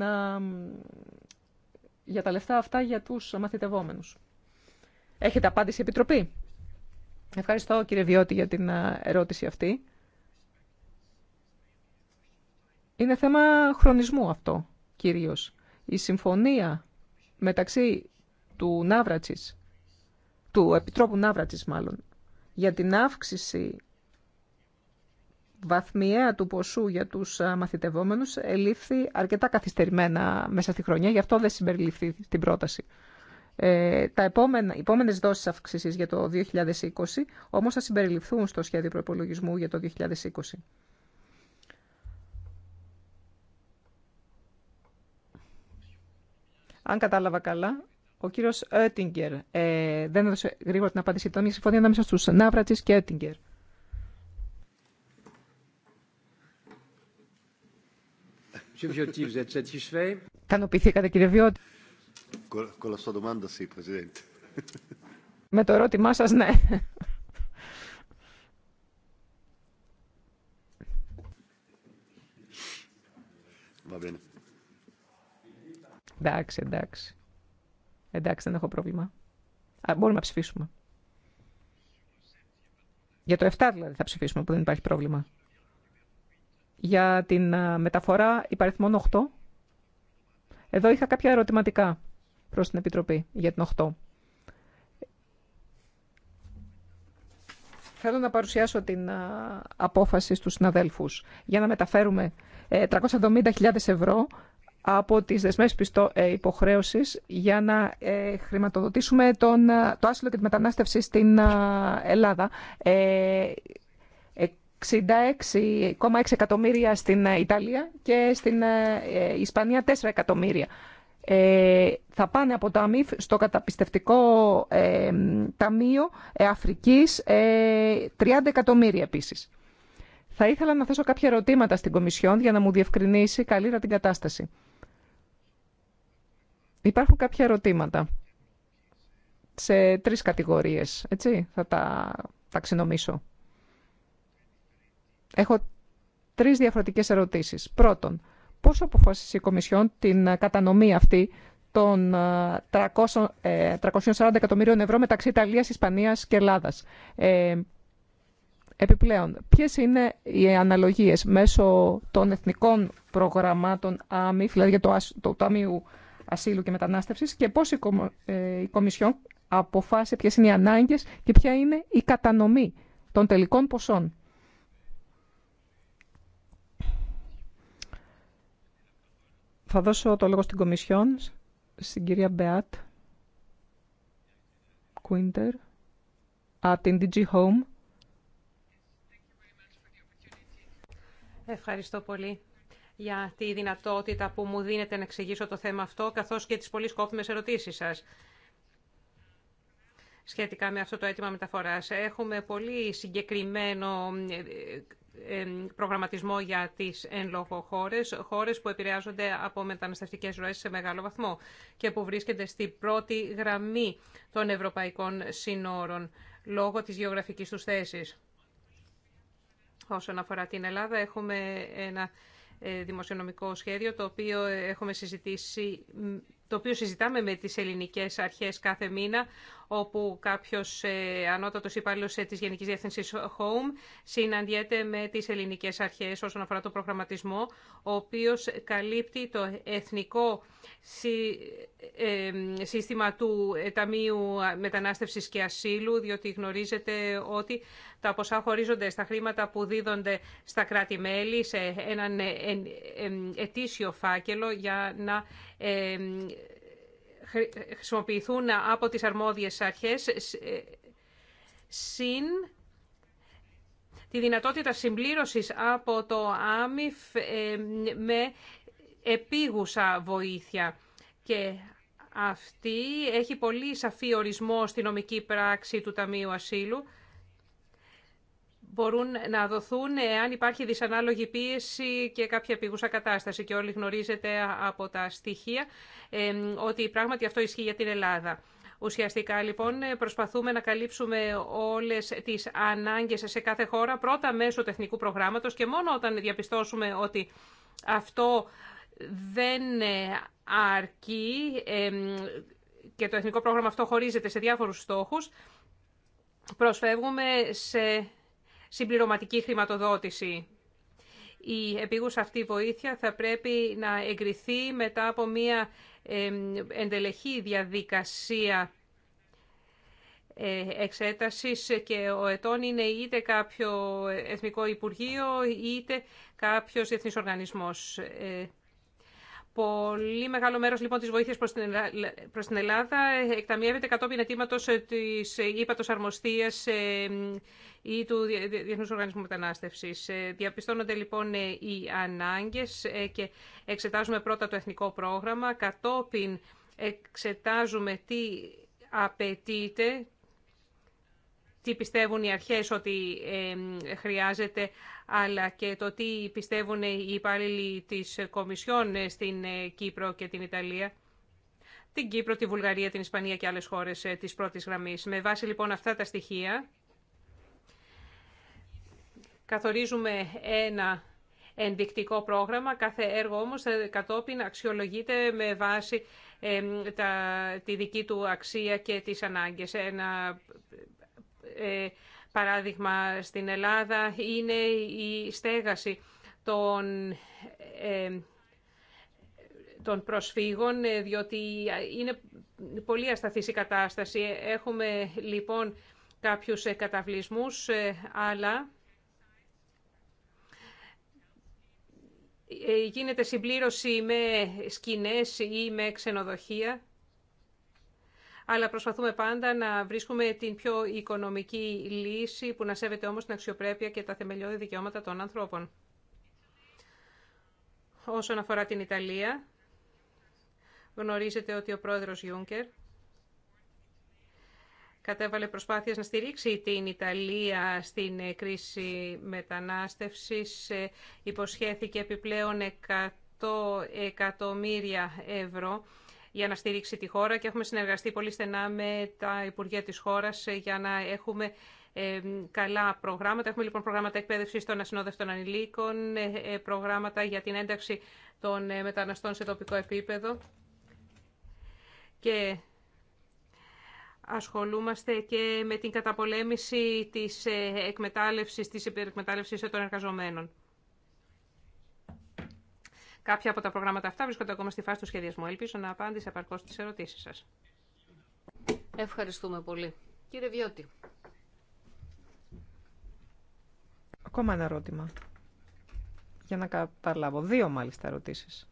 Speaker 3: για τα λεφτά αυτά για τους μαθητευόμενους. Έχετε απάντηση η Επιτροπή. Ευχαριστώ κύριε Βιώτη για την ερώτηση αυτή. Είναι θέμα χρονισμού αυτό κυρίως. Η συμφωνία μεταξύ του Ναύρατσης, του Επιτρόπου Ναύρατσης μάλλον, για την αύξηση βαθμιαία του ποσού για τους μαθητευόμενους ελήφθη αρκετά καθυστερημένα μέσα στη χρονιά, γι' αυτό δεν συμπεριληφθεί την πρόταση. Ε, τα επόμενα, οι επόμενες δόσεις αύξησης για το 2020 όμως θα συμπεριληφθούν στο σχέδιο προπολογισμού για το 2020. Αν κατάλαβα καλά, ο κύριο Ότιγκερ δεν έδωσε γρήγορα την απάντηση. Τον μια συμφωνία ανάμεσα στου Ναύρατζη και Ότιγκερ. Κανοποιηθήκατε, κύριε Βιώτη. Με το ερώτημά σας, ναι. Va Εντάξει, εντάξει. Εντάξει, δεν έχω πρόβλημα. μπορούμε να ψηφίσουμε. Για το 7 δηλαδή θα ψηφίσουμε που δεν υπάρχει πρόβλημα. Για την μεταφορά υπαριθμών 8. Εδώ είχα κάποια ερωτηματικά προς την Επιτροπή για την 8. Θέλω να παρουσιάσω την απόφαση στους συναδέλφους για να μεταφέρουμε 370.000 ε, ευρώ από τις δεσμές πιστο, ε, για να ε, χρηματοδοτήσουμε τον, ε, το άσυλο και τη μετανάστευση στην Ελλάδα. 66,6 εκατομμύρια στην Ιταλία και στην Ισπανία 4 εκατομμύρια. Θα πάνε από το ΑΜΙΦ στο καταπιστευτικό ταμείο Αφρικής 30 εκατομμύρια επίσης. Θα ήθελα να θέσω κάποια ερωτήματα στην Κομισιόν για να μου διευκρινίσει καλύτερα την κατάσταση. Υπάρχουν κάποια ερωτήματα σε τρεις κατηγορίες, έτσι, θα τα ταξινομήσω. Έχω τρεις διαφορετικές ερωτήσεις. Πρώτον, πώς αποφάσισε η Κομισιόν την κατανομή αυτή των 300, ε, 340 ε, εκατομμυρίων ευρώ μεταξύ Ιταλίας, Ισπανίας και Ελλάδας. Ε, επιπλέον, ποιες είναι οι αναλογίες μέσω των εθνικών προγραμμάτων άμυ, δηλαδή το, το ΑΜΗΟΥ, Ασύλου και μετανάστευση και πώς η, ε, η Κομισιόν αποφάσισε ποιε είναι οι ανάγκε και ποια είναι η κατανομή των τελικών ποσών. Θα δώσω το λόγο στην Κομισιόν, στην κυρία Μπεάτ Κουίντερ, από την DG Home.
Speaker 1: Ευχαριστώ πολύ για τη δυνατότητα που μου δίνετε να εξηγήσω το θέμα αυτό, καθώς και τις πολύ σκόπιμες ερωτήσεις σας σχετικά με αυτό το αίτημα μεταφοράς. Έχουμε πολύ συγκεκριμένο ε, ε, προγραμματισμό για τις εν λόγω χώρες, χώρες που επηρεάζονται από μεταναστευτικές ροές σε μεγάλο βαθμό και που βρίσκονται στην πρώτη γραμμή των ευρωπαϊκών συνόρων λόγω της γεωγραφικής τους θέσης. Όσον αφορά την Ελλάδα, έχουμε ένα ε, δημοσιονομικό σχέδιο, το οποίο ε, έχουμε συζητήσει το οποίο συζητάμε με τις ελληνικές αρχές κάθε μήνα, όπου κάποιος ε, ανώτατος υπάλληλος της Γενικής Διεύθυνσης Home συναντιέται με τις ελληνικές αρχές όσον αφορά το προγραμματισμό, ο οποίος καλύπτει το εθνικό σύστημα του Ταμείου Μετανάστευσης και Ασύλου, διότι γνωρίζετε ότι τα ποσά χωρίζονται στα χρήματα που δίδονται στα κράτη-μέλη σε έναν ετήσιο φάκελο για να χρησιμοποιηθούν από τις αρμόδιες αρχές ε, συν τη δυνατότητα συμπλήρωσης από το ΆΜΙΦ με επίγουσα βοήθεια. Και αυτή έχει πολύ σαφή ορισμό στη νομική πράξη του Ταμείου Ασύλου μπορούν να δοθούν εάν υπάρχει δυσανάλογη πίεση και κάποια επίγουσα κατάσταση. Και όλοι γνωρίζετε από τα στοιχεία ότι πράγματι αυτό ισχύει για την Ελλάδα. Ουσιαστικά, λοιπόν, προσπαθούμε να καλύψουμε όλες τις ανάγκες σε κάθε χώρα, πρώτα μέσω τεχνικού προγράμματος και μόνο όταν διαπιστώσουμε ότι αυτό δεν αρκεί και το εθνικό πρόγραμμα αυτό χωρίζεται σε διάφορους στόχους, προσφεύγουμε σε συμπληρωματική χρηματοδότηση. Η επίγουσα αυτή βοήθεια θα πρέπει να εγκριθεί μετά από μια εντελεχή διαδικασία ε, εξέτασης και ο ετών είναι είτε κάποιο Εθνικό Υπουργείο είτε κάποιος διεθνής οργανισμός. Ε, Πολύ μεγάλο μέρο λοιπόν τη βοήθεια προς την Ελλάδα ε, εκταμιεύεται κατόπιν αιτήματος ε, της ε, ύπατος αρμοστίας ή του Διεθνούς Οργανισμού Μετανάστευσης. Διαπιστώνονται λοιπόν οι ανάγκες και εξετάζουμε πρώτα το εθνικό πρόγραμμα, κατόπιν εξετάζουμε τι απαιτείται τι πιστεύουν οι αρχές ότι χρειάζεται, αλλά και το τι πιστεύουν οι υπάλληλοι της Κομισιόν ε, στην ε, Κύπρο και την Ιταλία την Κύπρο, τη Βουλγαρία, την Ισπανία και άλλες χώρες ε, της πρώτης γραμμής. Με βάση λοιπόν αυτά τα στοιχεία, καθορίζουμε ένα ενδεικτικό πρόγραμμα. Κάθε έργο όμως κατόπιν αξιολογείται με βάση τα, τη δική του αξία και τις ανάγκες. Ένα ε, παράδειγμα στην Ελλάδα είναι η στέγαση των ε, των προσφύγων, ε, διότι είναι πολύ ασταθής η κατάσταση. Έχουμε λοιπόν κάποιους καταβλισμούς, αλλά γίνεται συμπλήρωση με σκηνές ή με ξενοδοχεία αλλά προσπαθούμε πάντα να βρίσκουμε την πιο οικονομική λύση που να σέβεται όμως την αξιοπρέπεια και τα θεμελιώδη δικαιώματα των ανθρώπων. Όσον αφορά την Ιταλία, γνωρίζετε ότι ο πρόεδρος Ιούνκερ κατέβαλε προσπάθειες να στηρίξει την Ιταλία στην κρίση μετανάστευσης. Ε, υποσχέθηκε επιπλέον 100 εκατομμύρια ευρώ για να στηρίξει τη χώρα και έχουμε συνεργαστεί πολύ στενά με τα Υπουργεία της χώρας ε, για να έχουμε ε, καλά προγράμματα. Έχουμε λοιπόν προγράμματα εκπαίδευση των ασυνόδευτων ανηλίκων, ε, προγράμματα για την ένταξη των μεταναστών σε τοπικό επίπεδο και ασχολούμαστε και με την καταπολέμηση της εκμετάλλευσης, της υπερεκμετάλλευσης των εργαζομένων. Κάποια από τα προγράμματα αυτά βρίσκονται ακόμα στη φάση του σχεδιασμού. Ελπίζω να απάντησε επαρκώ στι ερωτήσει σα. Ευχαριστούμε πολύ. Κύριε Βιώτη. Ακόμα
Speaker 3: ένα ερώτημα. Για να καταλάβω. Δύο μάλιστα ερωτήσει.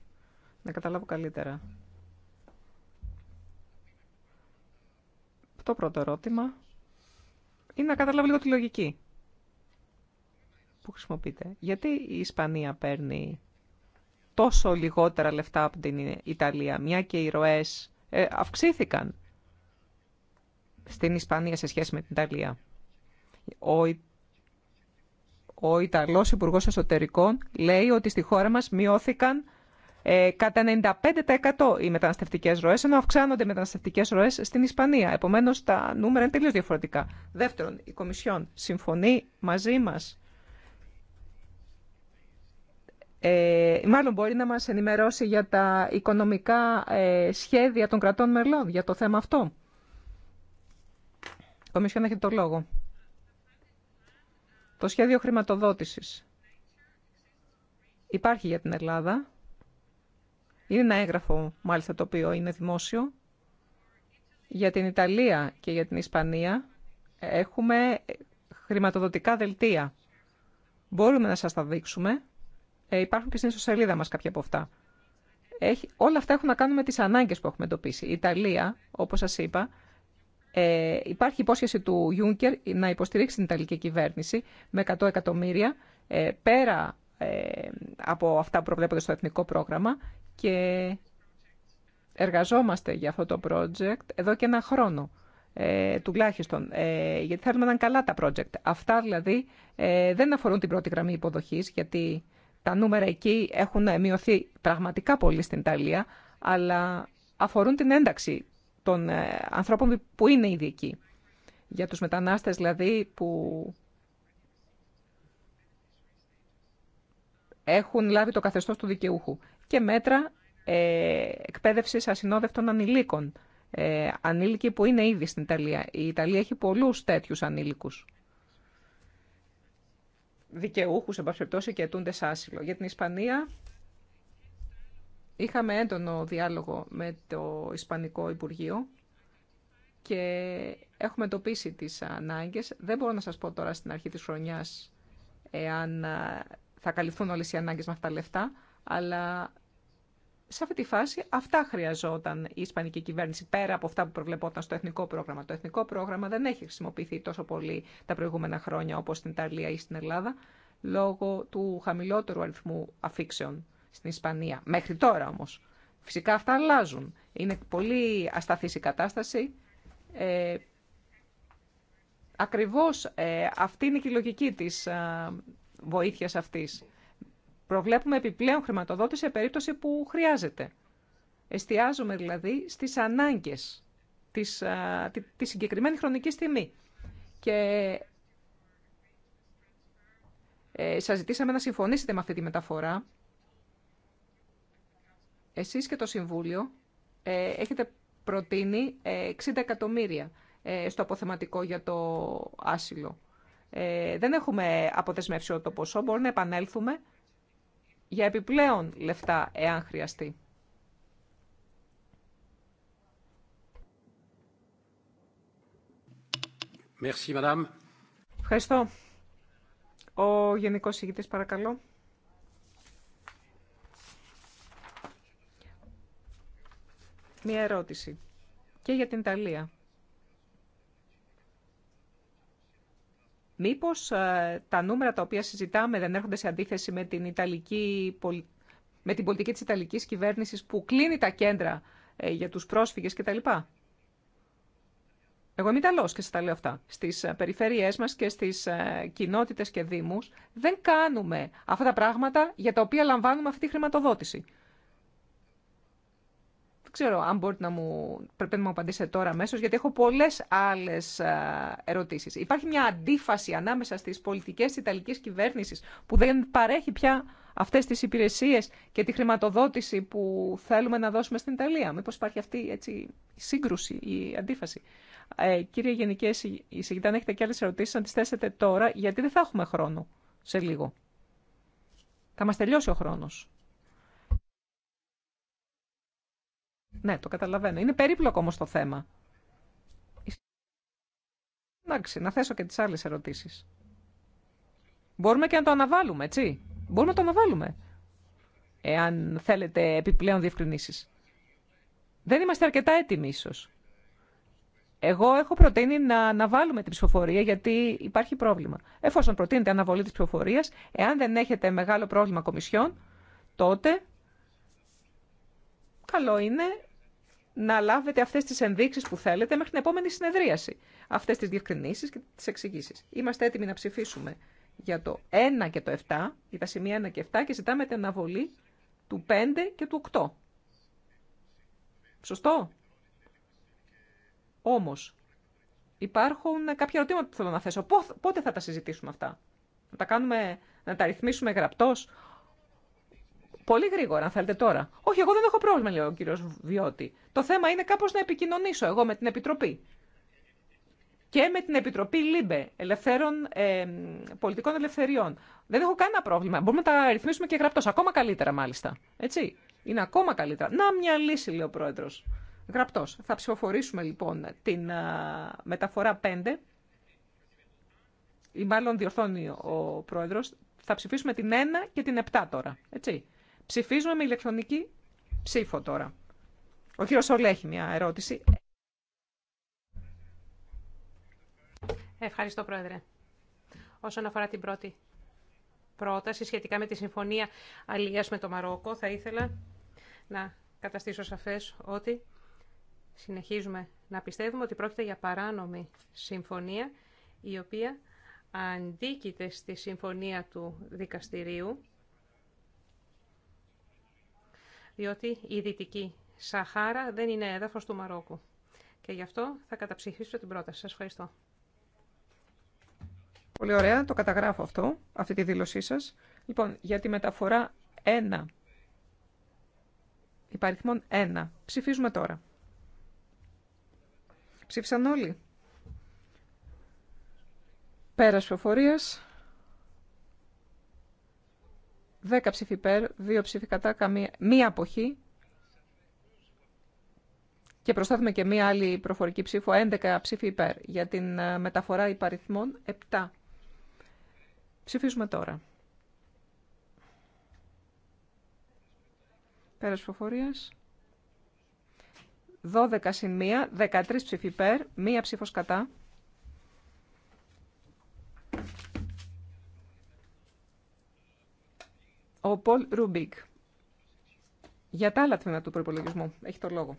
Speaker 3: Να καταλάβω καλύτερα. Το πρώτο ερώτημα είναι να καταλάβω λίγο τη λογική που χρησιμοποιείτε. Γιατί η Ισπανία παίρνει τόσο λιγότερα λεφτά από την Ιταλία, μια και οι ροές ε, αυξήθηκαν στην Ισπανία σε σχέση με την Ιταλία. Ο, ο Ιταλός υπουργό Εσωτερικών λέει ότι στη χώρα μας μειώθηκαν ε, κατά 95% οι μεταναστευτικές ροές, ενώ αυξάνονται οι μεταναστευτικές ροές στην Ισπανία. Επομένως, τα νούμερα είναι τελείως διαφορετικά. Δεύτερον, η Κομισιόν συμφωνεί μαζί μας ε, μάλλον μπορεί να μας ενημερώσει για τα οικονομικά ε, σχέδια των κρατών μελών για το θέμα αυτό. Κομισιόν έχετε το λόγο. Το σχέδιο χρηματοδότησης υπάρχει για την Ελλάδα. Είναι ένα έγγραφο, μάλιστα, το οποίο είναι δημόσιο. Για την Ιταλία και για την Ισπανία έχουμε χρηματοδοτικά δελτία. Μπορούμε να σας τα δείξουμε. Ε, υπάρχουν και στην ιστοσελίδα μα κάποια από αυτά. Έχει, όλα αυτά έχουν να κάνουν με τι ανάγκε που έχουμε εντοπίσει. Η Ιταλία, όπω σα είπα, ε, υπάρχει υπόσχεση του Ιούνκερ να υποστηρίξει την Ιταλική κυβέρνηση με 100 εκατομμύρια ε, πέρα ε, από αυτά που προβλέπονται στο εθνικό πρόγραμμα και εργαζόμαστε για αυτό το project εδώ και ένα χρόνο ε, τουλάχιστον, ε, γιατί θέλουμε να είναι καλά τα project. Αυτά δηλαδή ε, δεν αφορούν την πρώτη γραμμή υποδοχής, γιατί τα νούμερα εκεί έχουν μειωθεί πραγματικά πολύ στην Ιταλία, αλλά αφορούν την ένταξη των ε, ανθρώπων που είναι ήδη Για τους μετανάστες δηλαδή που έχουν λάβει το καθεστώς του δικαιούχου και μέτρα ε, εκπαίδευσης ασυνόδευτων ανηλίκων, ε, ανήλικοι που είναι ήδη στην Ιταλία. Η Ιταλία έχει πολλούς τέτοιους ανήλικους δικαιούχους, εν πάση και αιτούντες άσυλο. Για την Ισπανία είχαμε έντονο διάλογο με το Ισπανικό Υπουργείο και έχουμε εντοπίσει τις ανάγκες. Δεν μπορώ να σας πω τώρα στην αρχή της χρονιάς εάν ε, θα καλυφθούν όλες οι ανάγκες με αυτά τα λεφτά, αλλά σε αυτή τη φάση αυτά χρειαζόταν η Ισπανική κυβέρνηση πέρα από αυτά που προβλεπόταν στο εθνικό πρόγραμμα. Το εθνικό πρόγραμμα δεν έχει χρησιμοποιηθεί τόσο πολύ τα προηγούμενα χρόνια όπως στην Ιταλία ή στην Ελλάδα λόγω του χαμηλότερου αριθμού αφήξεων στην Ισπανία. Μέχρι τώρα όμως. Φυσικά αυτά αλλάζουν. Είναι πολύ ασταθής η κατάσταση. Ε, ακριβώς ε, αυτή είναι και η λογική της ε, βοήθειας αυτής. Προβλέπουμε επιπλέον χρηματοδότηση σε περίπτωση που χρειάζεται. Εστιάζουμε δηλαδή στις ανάγκες της, α, τη, τη συγκεκριμένη χρονική στιγμή. Και ε, σας ζητήσαμε να συμφωνήσετε με αυτή τη μεταφορά. Εσείς και το Συμβούλιο ε, έχετε προτείνει 60 ε, εκατομμύρια στο αποθεματικό για το άσυλο. δεν έχουμε αποδεσμεύσει το ποσό, μπορεί να επανέλθουμε για επιπλέον λεφτά εάν χρειαστεί. Ευχαριστώ. Ο Γενικός Συγητής, παρακαλώ. Μία ερώτηση. Και για την Ιταλία. Μήπως ε, τα νούμερα τα οποία συζητάμε δεν έρχονται σε αντίθεση με την, Ιταλική, με την πολιτική της Ιταλικής κυβέρνησης που κλείνει τα κέντρα ε, για τους πρόσφυγες κτλ. Εγώ είμαι Ιταλό και σας τα λέω αυτά. Στι ε, περιφέρειές μα και στι κοινότητες και δήμους δεν κάνουμε αυτά τα πράγματα για τα οποία λαμβάνουμε αυτή τη χρηματοδότηση. Δεν ξέρω αν μπορείτε να μου, πρέπει να μου απαντήσετε τώρα αμέσω, γιατί έχω πολλέ άλλε ερωτήσει. Υπάρχει μια αντίφαση ανάμεσα στι πολιτικέ τη Ιταλική κυβέρνηση που δεν παρέχει πια αυτέ τι υπηρεσίε και τη χρηματοδότηση που θέλουμε να δώσουμε στην Ιταλία. Μήπω υπάρχει αυτή έτσι, η σύγκρουση, η αντίφαση. Ε, κύριε Γενική η αν έχετε και άλλε ερωτήσει, να τι θέσετε τώρα, γιατί δεν θα έχουμε χρόνο σε λίγο. Θα μα τελειώσει ο χρόνο. Ναι, το καταλαβαίνω. Είναι περίπλοκο όμω το θέμα. Εντάξει, να θέσω και τι άλλες ερωτήσεις. Μπορούμε και να το αναβάλουμε, έτσι. Μπορούμε να το αναβάλουμε. Εάν θέλετε επιπλέον διευκρινήσει. Δεν είμαστε αρκετά έτοιμοι ίσω. Εγώ έχω προτείνει να αναβάλουμε την ψηφοφορία γιατί υπάρχει πρόβλημα. Εφόσον προτείνετε αναβολή της ψηφοφορίας, εάν δεν έχετε μεγάλο πρόβλημα κομισιών, τότε καλό είναι να λάβετε αυτέ τι ενδείξει που θέλετε μέχρι την επόμενη συνεδρίαση. αυτέ τι διευκρινήσει και τι εξηγήσει. Είμαστε έτοιμοι να ψηφίσουμε για το 1 και το 7, για τα σημεία 1 και 7 και ζητάμε την αναβολή του 5 και του 8. Σωστό. Όμω, υπάρχουν κάποια ερωτήματα που θέλω να θέσω. Πότε θα τα συζητήσουμε αυτά. Να τα, κάνουμε, να τα ρυθμίσουμε γραπτός. Πολύ γρήγορα, αν θέλετε τώρα. Όχι, εγώ δεν έχω πρόβλημα, λέει ο κύριο Βιώτη. Το θέμα είναι κάπω να επικοινωνήσω εγώ με την Επιτροπή. Και με την Επιτροπή ΛΥΜΠΕ, Ελευθέρων ε, Πολιτικών Ελευθεριών. Δεν έχω κανένα πρόβλημα. Μπορούμε να τα ρυθμίσουμε και γραπτό. Ακόμα καλύτερα, μάλιστα. Έτσι. Είναι ακόμα καλύτερα. Να μια λύση, λέει ο πρόεδρο. Γραπτό. Θα ψηφοφορήσουμε λοιπόν την α, μεταφορά 5. Ή μάλλον διορθώνει ο πρόεδρο. Θα ψηφίσουμε την 1 και την 7 τώρα. Έτσι. Ψηφίζουμε με ηλεκτρονική ψήφο τώρα. Ο κύριος Σολέ έχει μια ερώτηση.
Speaker 1: Ευχαριστώ, Πρόεδρε. Όσον αφορά την πρώτη πρόταση σχετικά με τη Συμφωνία Αλληλείας με το Μαρόκο, θα ήθελα να καταστήσω σαφές ότι συνεχίζουμε να πιστεύουμε ότι πρόκειται για παράνομη συμφωνία, η οποία αντίκειται στη συμφωνία του δικαστηρίου διότι η Δυτική Σαχάρα δεν είναι έδαφος του Μαρόκου. Και γι' αυτό θα καταψηφίσω την πρόταση. Σας ευχαριστώ.
Speaker 3: Πολύ ωραία, το καταγράφω αυτό, αυτή τη δήλωσή σας. Λοιπόν, για τη μεταφορά 1, υπαριθμών 1, ψηφίζουμε τώρα. Ψήφισαν όλοι. Πέρας προφορίας, 10 ψήφοι υπέρ, 2 ψήφοι κατά, καμία, μία αποχή. Και προστάθουμε και μία άλλη προφορική ψήφο, 11 ψήφοι υπέρ, για την ε, μεταφορά υπαριθμών 7. Ψηφίζουμε τώρα. Πέρας προφορίας. 12 συν 1, 13 ψήφοι υπέρ, μία ψήφος κατά. Ο Πολ Ρουμπίκ. Για τα άλλα τμήματα του
Speaker 1: προπολογισμού. Έχει το λόγο.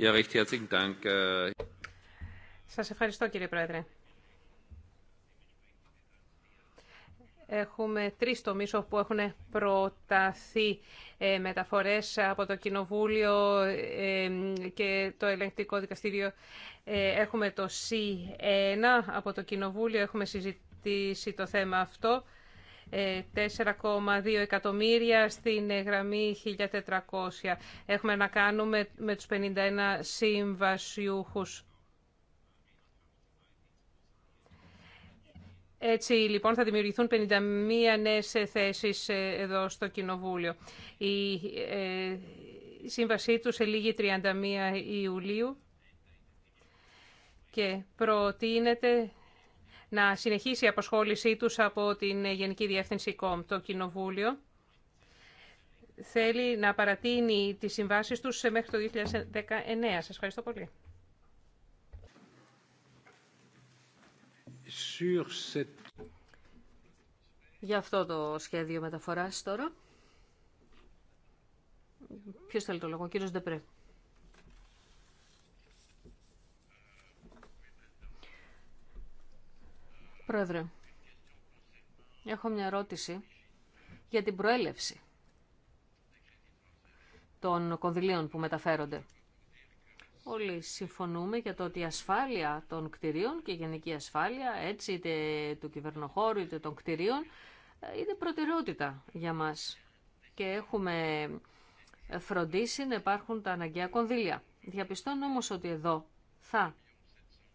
Speaker 1: Äh, Σας ευχαριστώ κύριε Πρόεδρε. Έχουμε τρεις τομείς όπου έχουν προταθεί ε, μεταφορές από το Κοινοβούλιο ε, και το Ελεγκτικό Δικαστήριο. Ε, έχουμε το C1 από το Κοινοβούλιο, έχουμε συζητήσει το θέμα αυτό. 4,2 ε, εκατομμύρια στην ε, γραμμή 1400. Έχουμε να κάνουμε με τους 51 συμβασιούχους. Έτσι λοιπόν θα δημιουργηθούν 51 νέες ε, θέσεις εδώ στο Κοινοβούλιο. Η σύμβασή τους λίγη 31 Ιουλίου και προτείνεται να συνεχίσει η απασχόλησή τους από την Γενική Διεύθυνση ΚΟΜ, το Κοινοβούλιο. Θέλει να παρατείνει τις συμβάσεις τους μέχρι το 2019. Σας ευχαριστώ πολύ.
Speaker 2: Για αυτό το σχέδιο μεταφοράς τώρα. Ποιος θέλει το λόγο, ο κύριος Ντεπρέ. Πρόεδρε, έχω μια ερώτηση για την προέλευση των κονδυλίων που μεταφέρονται. Όλοι συμφωνούμε για το ότι η ασφάλεια των κτηρίων και η γενική ασφάλεια, έτσι είτε του κυβερνοχώρου είτε των κτηρίων, είναι προτεραιότητα για μας. Και έχουμε φροντίσει να υπάρχουν τα αναγκαία κονδύλια. Διαπιστώνω όμως ότι εδώ θα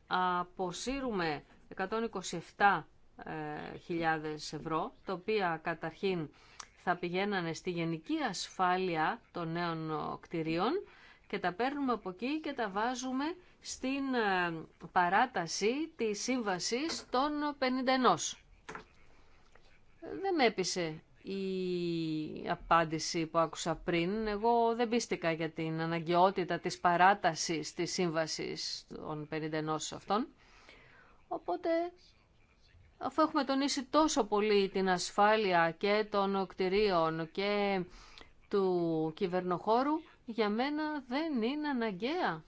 Speaker 2: αποσύρουμε 127.000 ε, ευρώ, τα οποία καταρχήν θα πηγαίνανε στη γενική ασφάλεια των νέων ε, κτηρίων και τα παίρνουμε από εκεί και τα βάζουμε στην ε, παράταση της σύμβασης των 51. Δεν με έπεισε η απάντηση που άκουσα πριν. Εγώ δεν πίστηκα για την αναγκαιότητα της παράτασης της σύμβασης των 51 αυτών. Οπότε, αφού έχουμε τονίσει τόσο πολύ την ασφάλεια και των κτηρίων και του κυβερνοχώρου, για μένα δεν είναι αναγκαία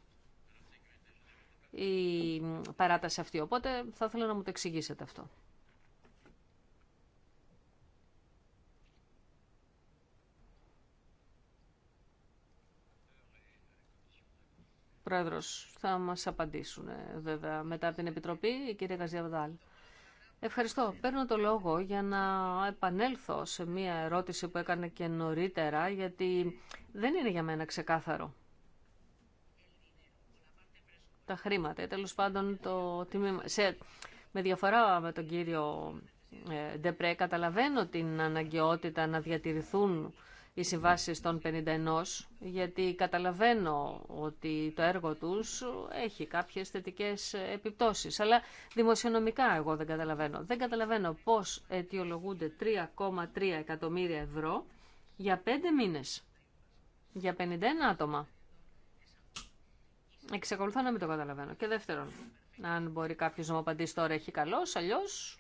Speaker 2: η παράταση αυτή. Οπότε θα ήθελα να μου το εξηγήσετε αυτό. Προέδρο, θα μας απαντήσουν βέβαια μετά από την Επιτροπή, η κυρία Καζιαβδάλ. Ευχαριστώ. Παίρνω το λόγο για να επανέλθω σε μία ερώτηση που έκανα και νωρίτερα, γιατί δεν είναι για μένα ξεκάθαρο. Τα χρήματα, τέλος πάντων το τιμήμα. με διαφορά με τον κύριο ε, Ντεπρέ, καταλαβαίνω την αναγκαιότητα να διατηρηθούν οι συμβάσει των 51, γιατί καταλαβαίνω ότι το έργο τους έχει κάποιες θετικές επιπτώσεις, αλλά δημοσιονομικά εγώ δεν καταλαβαίνω. Δεν καταλαβαίνω πώς αιτιολογούνται 3,3 εκατομμύρια ευρώ για 5 μήνες, για 51 άτομα. Εξακολουθώ να μην το καταλαβαίνω. Και δεύτερον, αν μπορεί κάποιο να μου απαντήσει τώρα έχει καλός, αλλιώς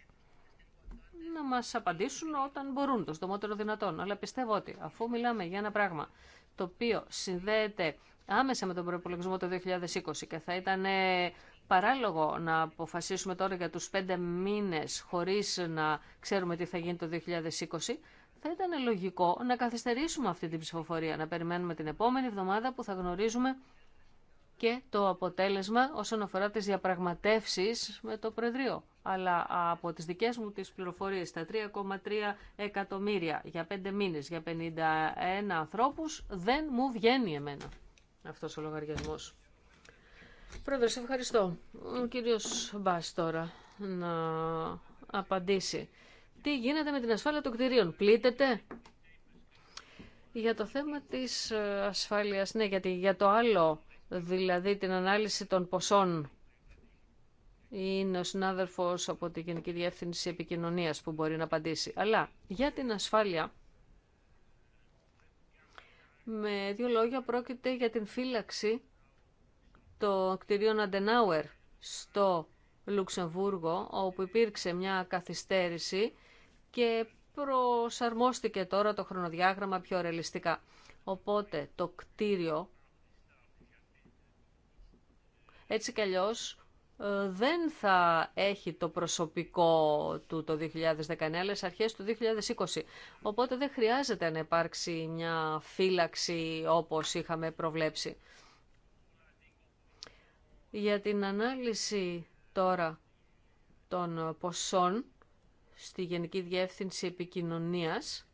Speaker 2: να μας απαντήσουν όταν μπορούν, το στομότερο δυνατόν. Αλλά πιστεύω ότι αφού μιλάμε για ένα πράγμα το οποίο συνδέεται άμεσα με τον προπολογισμό το 2020 και θα ήταν ε, παράλογο να αποφασίσουμε τώρα για τους πέντε μήνες χωρίς να ξέρουμε τι θα γίνει το 2020, θα ήταν λογικό να καθυστερήσουμε αυτή την ψηφοφορία, να περιμένουμε την επόμενη εβδομάδα που θα γνωρίζουμε και το αποτέλεσμα όσον αφορά τις διαπραγματεύσεις με το Προεδρείο. Αλλά από τις δικές μου τις πληροφορίες, τα 3,3 εκατομμύρια για 5 μήνες, για 51 ανθρώπους, δεν μου βγαίνει εμένα αυτός ο λογαριασμός. Πρόεδρε, σε ευχαριστώ. Ο κύριος Μπάς τώρα να απαντήσει. Τι γίνεται με την ασφάλεια των κτηρίων, πλήτεται. Για το θέμα της ε, ασφάλειας, ναι, γιατί για το άλλο δηλαδή την ανάλυση των ποσών. Είναι ο συνάδελφος από τη Γενική Διεύθυνση Επικοινωνίας που μπορεί να απαντήσει. Αλλά για την ασφάλεια, με δύο λόγια πρόκειται για την φύλαξη των κτηρίων Αντενάουερ στο Λουξεμβούργο, όπου υπήρξε μια καθυστέρηση και προσαρμόστηκε τώρα το χρονοδιάγραμμα πιο ρεαλιστικά. Οπότε το κτίριο έτσι κι ε, δεν θα έχει το προσωπικό του το 2019, αλλά αρχές του 2020. Οπότε δεν χρειάζεται να υπάρξει μια φύλαξη όπως είχαμε προβλέψει. Για την ανάλυση τώρα των ποσών στη Γενική Διεύθυνση Επικοινωνίας,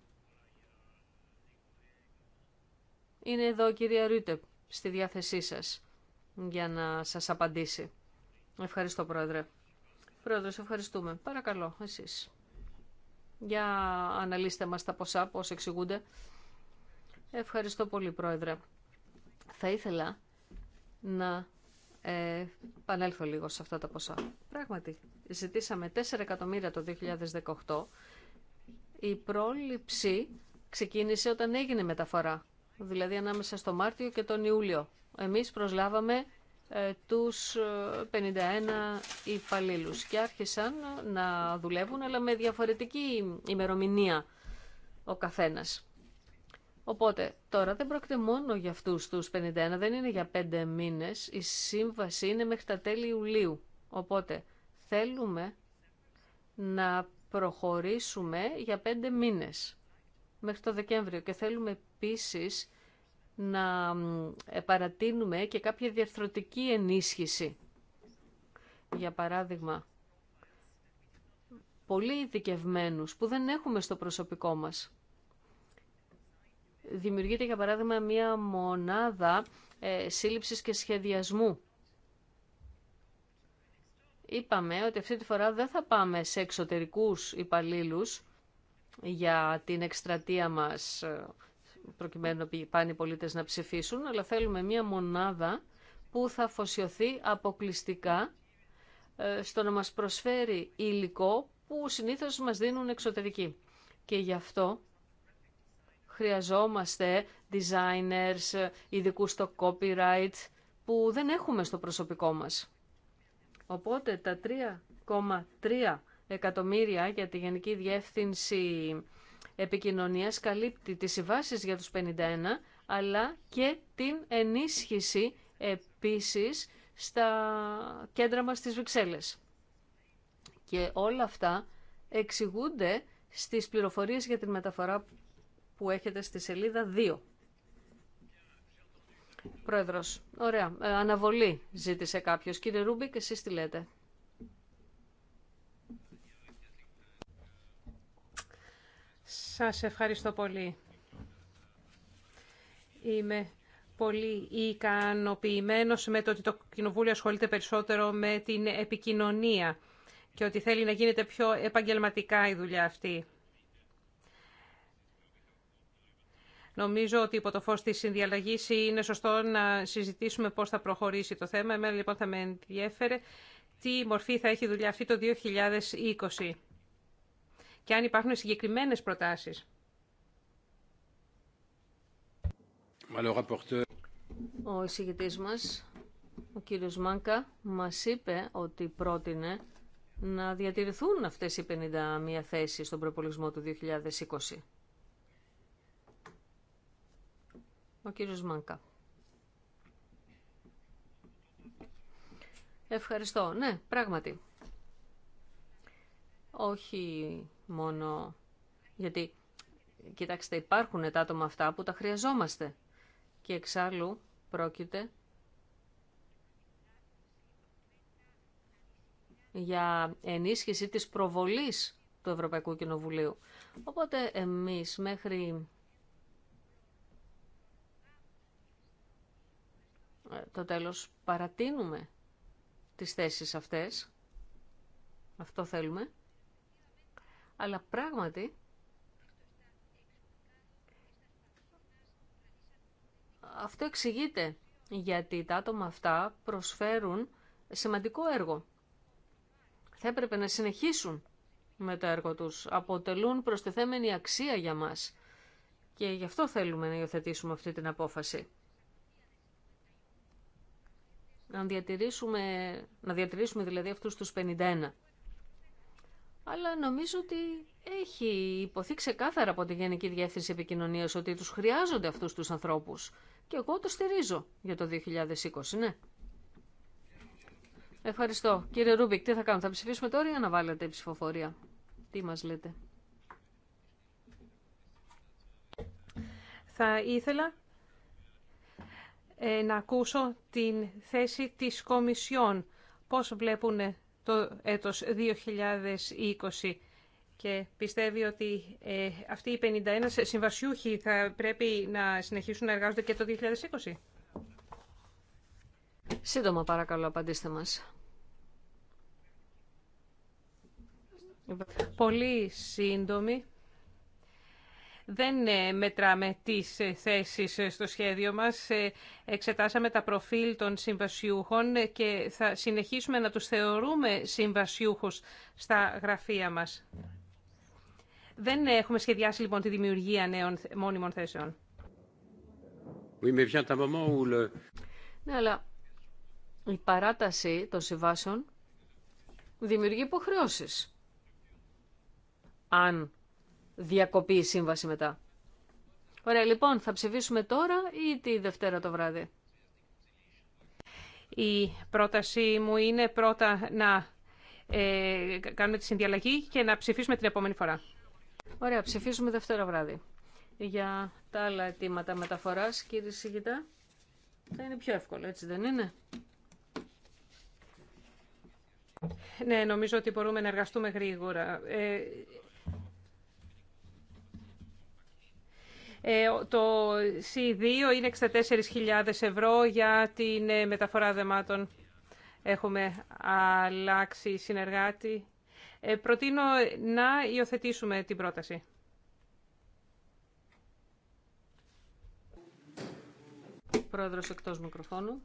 Speaker 2: είναι εδώ κυρία Ρούτε, στη διάθεσή σας για να σας απαντήσει. Ευχαριστώ, Πρόεδρε. Πρόεδρε, ευχαριστούμε. Παρακαλώ, εσείς. Για αναλύστε μας τα ποσά, πώς εξηγούνται. Ευχαριστώ πολύ, Πρόεδρε. Θα ήθελα να ε, πανέλθω λίγο σε αυτά τα ποσά. Πράγματι, ζητήσαμε 4 εκατομμύρια το 2018. Η πρόληψη ξεκίνησε όταν έγινε μεταφορά δηλαδή ανάμεσα στο Μάρτιο και τον Ιούλιο. Εμείς προσλάβαμε ε, τους 51 ε, υπαλλήλου και άρχισαν να δουλεύουν αλλά με διαφορετική ημερομηνία ο καθένας. Οπότε τώρα δεν πρόκειται μόνο για αυτούς τους 51, δεν είναι για 5 μήνες, η σύμβαση είναι μέχρι τα τέλη Ιουλίου. Οπότε θέλουμε να προχωρήσουμε για 5 μήνες μέχρι το Δεκέμβριο και θέλουμε επίσης να παρατείνουμε και κάποια διαρθρωτική ενίσχυση. Για παράδειγμα, πολύ ειδικευμένου που δεν έχουμε στο προσωπικό μας. Δημιουργείται, για παράδειγμα, μία μονάδα ε, σύλληψης και σχεδιασμού. Είπαμε ότι αυτή τη φορά δεν θα πάμε σε εξωτερικούς υπαλλήλους, για την εκστρατεία μας ε, προκειμένου να πάνε οι πολίτες να ψηφίσουν, αλλά θέλουμε μία μονάδα που θα φωσιωθεί αποκλειστικά ε, στο να μας προσφέρει υλικό που συνήθως μας δίνουν εξωτερικοί. Και γι' αυτό χρειαζόμαστε designers, ειδικού στο copyright, που δεν έχουμε στο προσωπικό μας. Οπότε τα 3,3 εκατομμύρια για τη Γενική Διεύθυνση Επικοινωνίας καλύπτει τις συμβάσει για τους 51, αλλά και την ενίσχυση επίσης στα κέντρα μας στις Βρυξέλλες. Και όλα αυτά εξηγούνται στις πληροφορίες για τη μεταφορά που έχετε στη σελίδα 2. Πρόεδρος, ωραία. Ε, αναβολή ζήτησε κάποιος. Κύριε και εσείς τι λέτε.
Speaker 1: Σας ευχαριστώ πολύ. Είμαι πολύ ικανοποιημένος με το ότι το Κοινοβούλιο ασχολείται περισσότερο με την επικοινωνία και ότι θέλει να γίνεται πιο επαγγελματικά η δουλειά αυτή. Νομίζω ότι υπό το φως της συνδιαλλαγής είναι σωστό να συζητήσουμε πώς θα προχωρήσει το θέμα. Εμένα λοιπόν θα με ενδιέφερε τι μορφή θα έχει η δουλειά αυτή το 2020 και αν υπάρχουν συγκεκριμένε προτάσει. Ο εισηγητή μα, ο κύριο
Speaker 2: Μάνκα, μα είπε ότι πρότεινε να διατηρηθούν αυτέ οι 51 θέσει στον προπολισμό του 2020. Ο κύριος Μάνκα. Ευχαριστώ. Ναι, πράγματι όχι μόνο γιατί, κοιτάξτε, υπάρχουν τα άτομα αυτά που τα χρειαζόμαστε και εξάλλου πρόκειται για ενίσχυση της προβολής του Ευρωπαϊκού Κοινοβουλίου. Οπότε εμείς μέχρι το τέλος παρατείνουμε τις θέσεις αυτές. Αυτό θέλουμε αλλά πράγματι αυτό εξηγείται γιατί τα άτομα αυτά προσφέρουν σημαντικό έργο. Θα έπρεπε να συνεχίσουν με το έργο τους. Αποτελούν προστιθέμενη αξία για μας. Και γι' αυτό θέλουμε να υιοθετήσουμε αυτή την απόφαση. Να διατηρήσουμε, να διατηρήσουμε δηλαδή αυτούς τους 51 αλλά νομίζω ότι έχει υποθεί ξεκάθαρα από τη Γενική Διεύθυνση Επικοινωνία ότι του χρειάζονται αυτού του ανθρώπου. Και εγώ το στηρίζω για το 2020, ναι. Ευχαριστώ. Κύριε Ρούμπικ, τι θα κάνουμε, θα ψηφίσουμε τώρα ή αναβάλλετε η ψηφοφορία.
Speaker 1: Τι μας λέτε. Θα ήθελα ε, να ακούσω την θέση της Κομισιόν. Πώς βλέπουν το έτος 2020 και πιστεύει ότι ε, αυτοί οι 51 συμβασιούχοι θα πρέπει να συνεχίσουν να εργάζονται και το 2020.
Speaker 2: Σύντομα παρακαλώ
Speaker 1: απαντήστε μας. Πολύ σύντομη δεν ε, μετράμε τις ε, θέσεις ε, στο σχέδιο μας. Εξετάσαμε τα προφίλ των συμβασιούχων και θα συνεχίσουμε να τους θεωρούμε συμβασιούχους στα γραφεία μας. Δεν έχουμε σχεδιάσει λοιπόν τη δημιουργία νέων μόνιμων θέσεων. Oui, mais vient un moment où le... Ναι, αλλά η
Speaker 2: παράταση των συμβάσεων δημιουργεί υποχρεώσεις. Αν διακοπεί η σύμβαση μετά. Ωραία, λοιπόν, θα ψηφίσουμε τώρα ή τη Δευτέρα το βράδυ.
Speaker 1: Η πρότασή μου είναι πρώτα να ε, κάνουμε τη συνδιαλλαγή και να ψηφίσουμε την επόμενη φορά.
Speaker 2: Ωραία, ψηφίσουμε Δευτέρα βράδυ. Για τα άλλα αιτήματα μεταφοράς, κύριε Σιγητά, θα είναι πιο εύκολο, έτσι δεν είναι.
Speaker 1: Ναι, νομίζω ότι μπορούμε να εργαστούμε γρήγορα. Ε, Ε, το C2 είναι 64.000 ευρώ για την ε, μεταφορά δεμάτων. Έχουμε αλλάξει συνεργάτη. Ε, προτείνω να υιοθετήσουμε την πρόταση. Πρόεδρος εκτός μικροφώνου.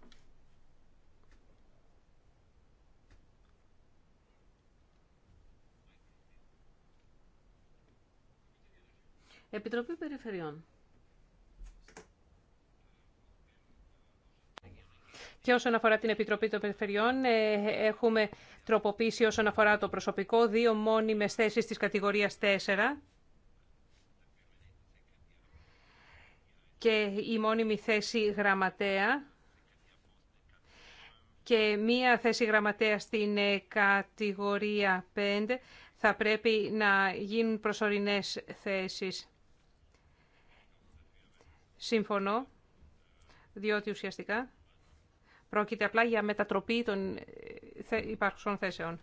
Speaker 1: Επιτροπή Περιφερειών. Και όσον αφορά την Επιτροπή των Περιφερειών, ε, έχουμε τροποποίηση όσον αφορά το προσωπικό, δύο μόνιμες θέσεις της κατηγορίας 4. και η μόνιμη θέση γραμματέα και μία θέση γραμματέα στην ε, κατηγορία 5 θα πρέπει να γίνουν προσωρινές θέσεις. Συμφωνώ, διότι ουσιαστικά πρόκειται απλά για μετατροπή των ε, υπάρχουσων θέσεων.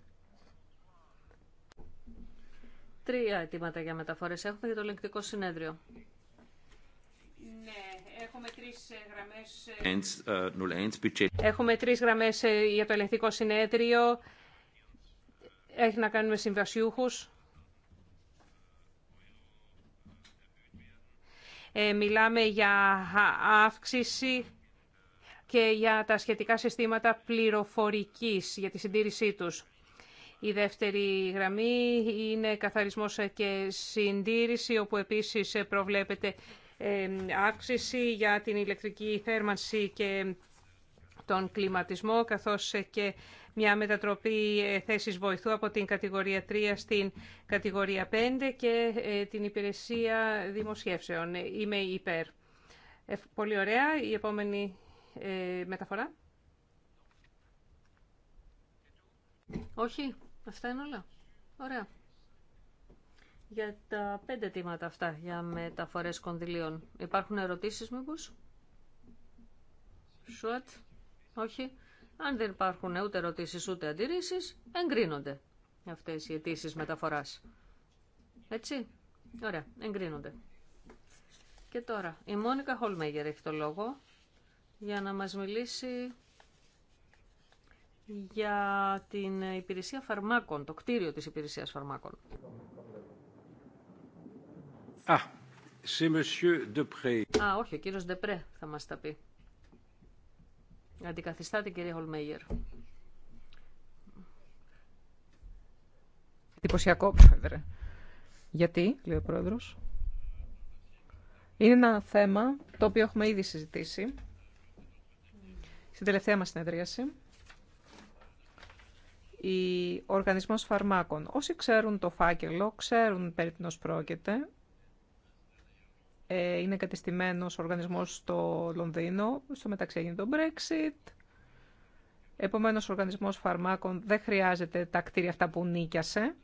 Speaker 2: Τρία αιτήματα για μεταφορές έχουμε για το ελεγκτικό συνέδριο.
Speaker 1: Ναι, έχουμε τρεις ε, γραμμές... Ε, έχουμε τρεις γραμμές για το ελεγκτικό συνέδριο. Έχει να κάνει με συμβασιούχους. Ε, μιλάμε για αύξηση και για τα σχετικά συστήματα πληροφορικής, για τη συντήρησή τους. Η δεύτερη γραμμή είναι καθαρισμός και συντήρηση, όπου επίσης προβλέπεται ε, αύξηση για την ηλεκτρική θέρμανση και τον κλιματισμό, καθώς και μια μετατροπή ε, θέσης βοηθού από την κατηγορία 3 στην κατηγορία 5 και ε, την υπηρεσία δημοσιεύσεων. Ε, είμαι υπέρ. Πολύ ωραία. Η επόμενη μεταφορά. Όχι, αυτά είναι όλα. Ωραία.
Speaker 2: Για τα πέντε τίματα αυτά, για μεταφορές κονδυλίων. Υπάρχουν ερωτήσεις μήπως? Σουατ, όχι. Αν δεν υπάρχουν ούτε ερωτήσει ούτε αντιρρήσει, εγκρίνονται αυτέ οι αιτήσει μεταφορά. Έτσι. Ωραία, εγκρίνονται. Και τώρα, η Μόνικα Χολμέγερ έχει το λόγο για να μας μιλήσει για την υπηρεσία φαρμάκων, το κτίριο της υπηρεσίας φαρμάκων. Ah, Α, ah, όχι, ο κύριος Ντεπρέ θα μας τα πει. Αντικαθιστά την κυρία Χολμέγερ.
Speaker 3: Εντυπωσιακό, πρόεδρε. Γιατί, λέει ο πρόεδρος. Είναι ένα θέμα το οποίο έχουμε ήδη συζητήσει στην τελευταία μας συνεδρίαση. Ο Οργανισμός Φαρμάκων. Όσοι ξέρουν το φάκελο, ξέρουν περί πρόκειται ε, είναι κατεστημένος οργανισμός στο Λονδίνο, στο μεταξύ έγινε το Brexit. Επομένως, ο οργανισμός φαρμάκων δεν χρειάζεται τα κτίρια αυτά που νίκιασε.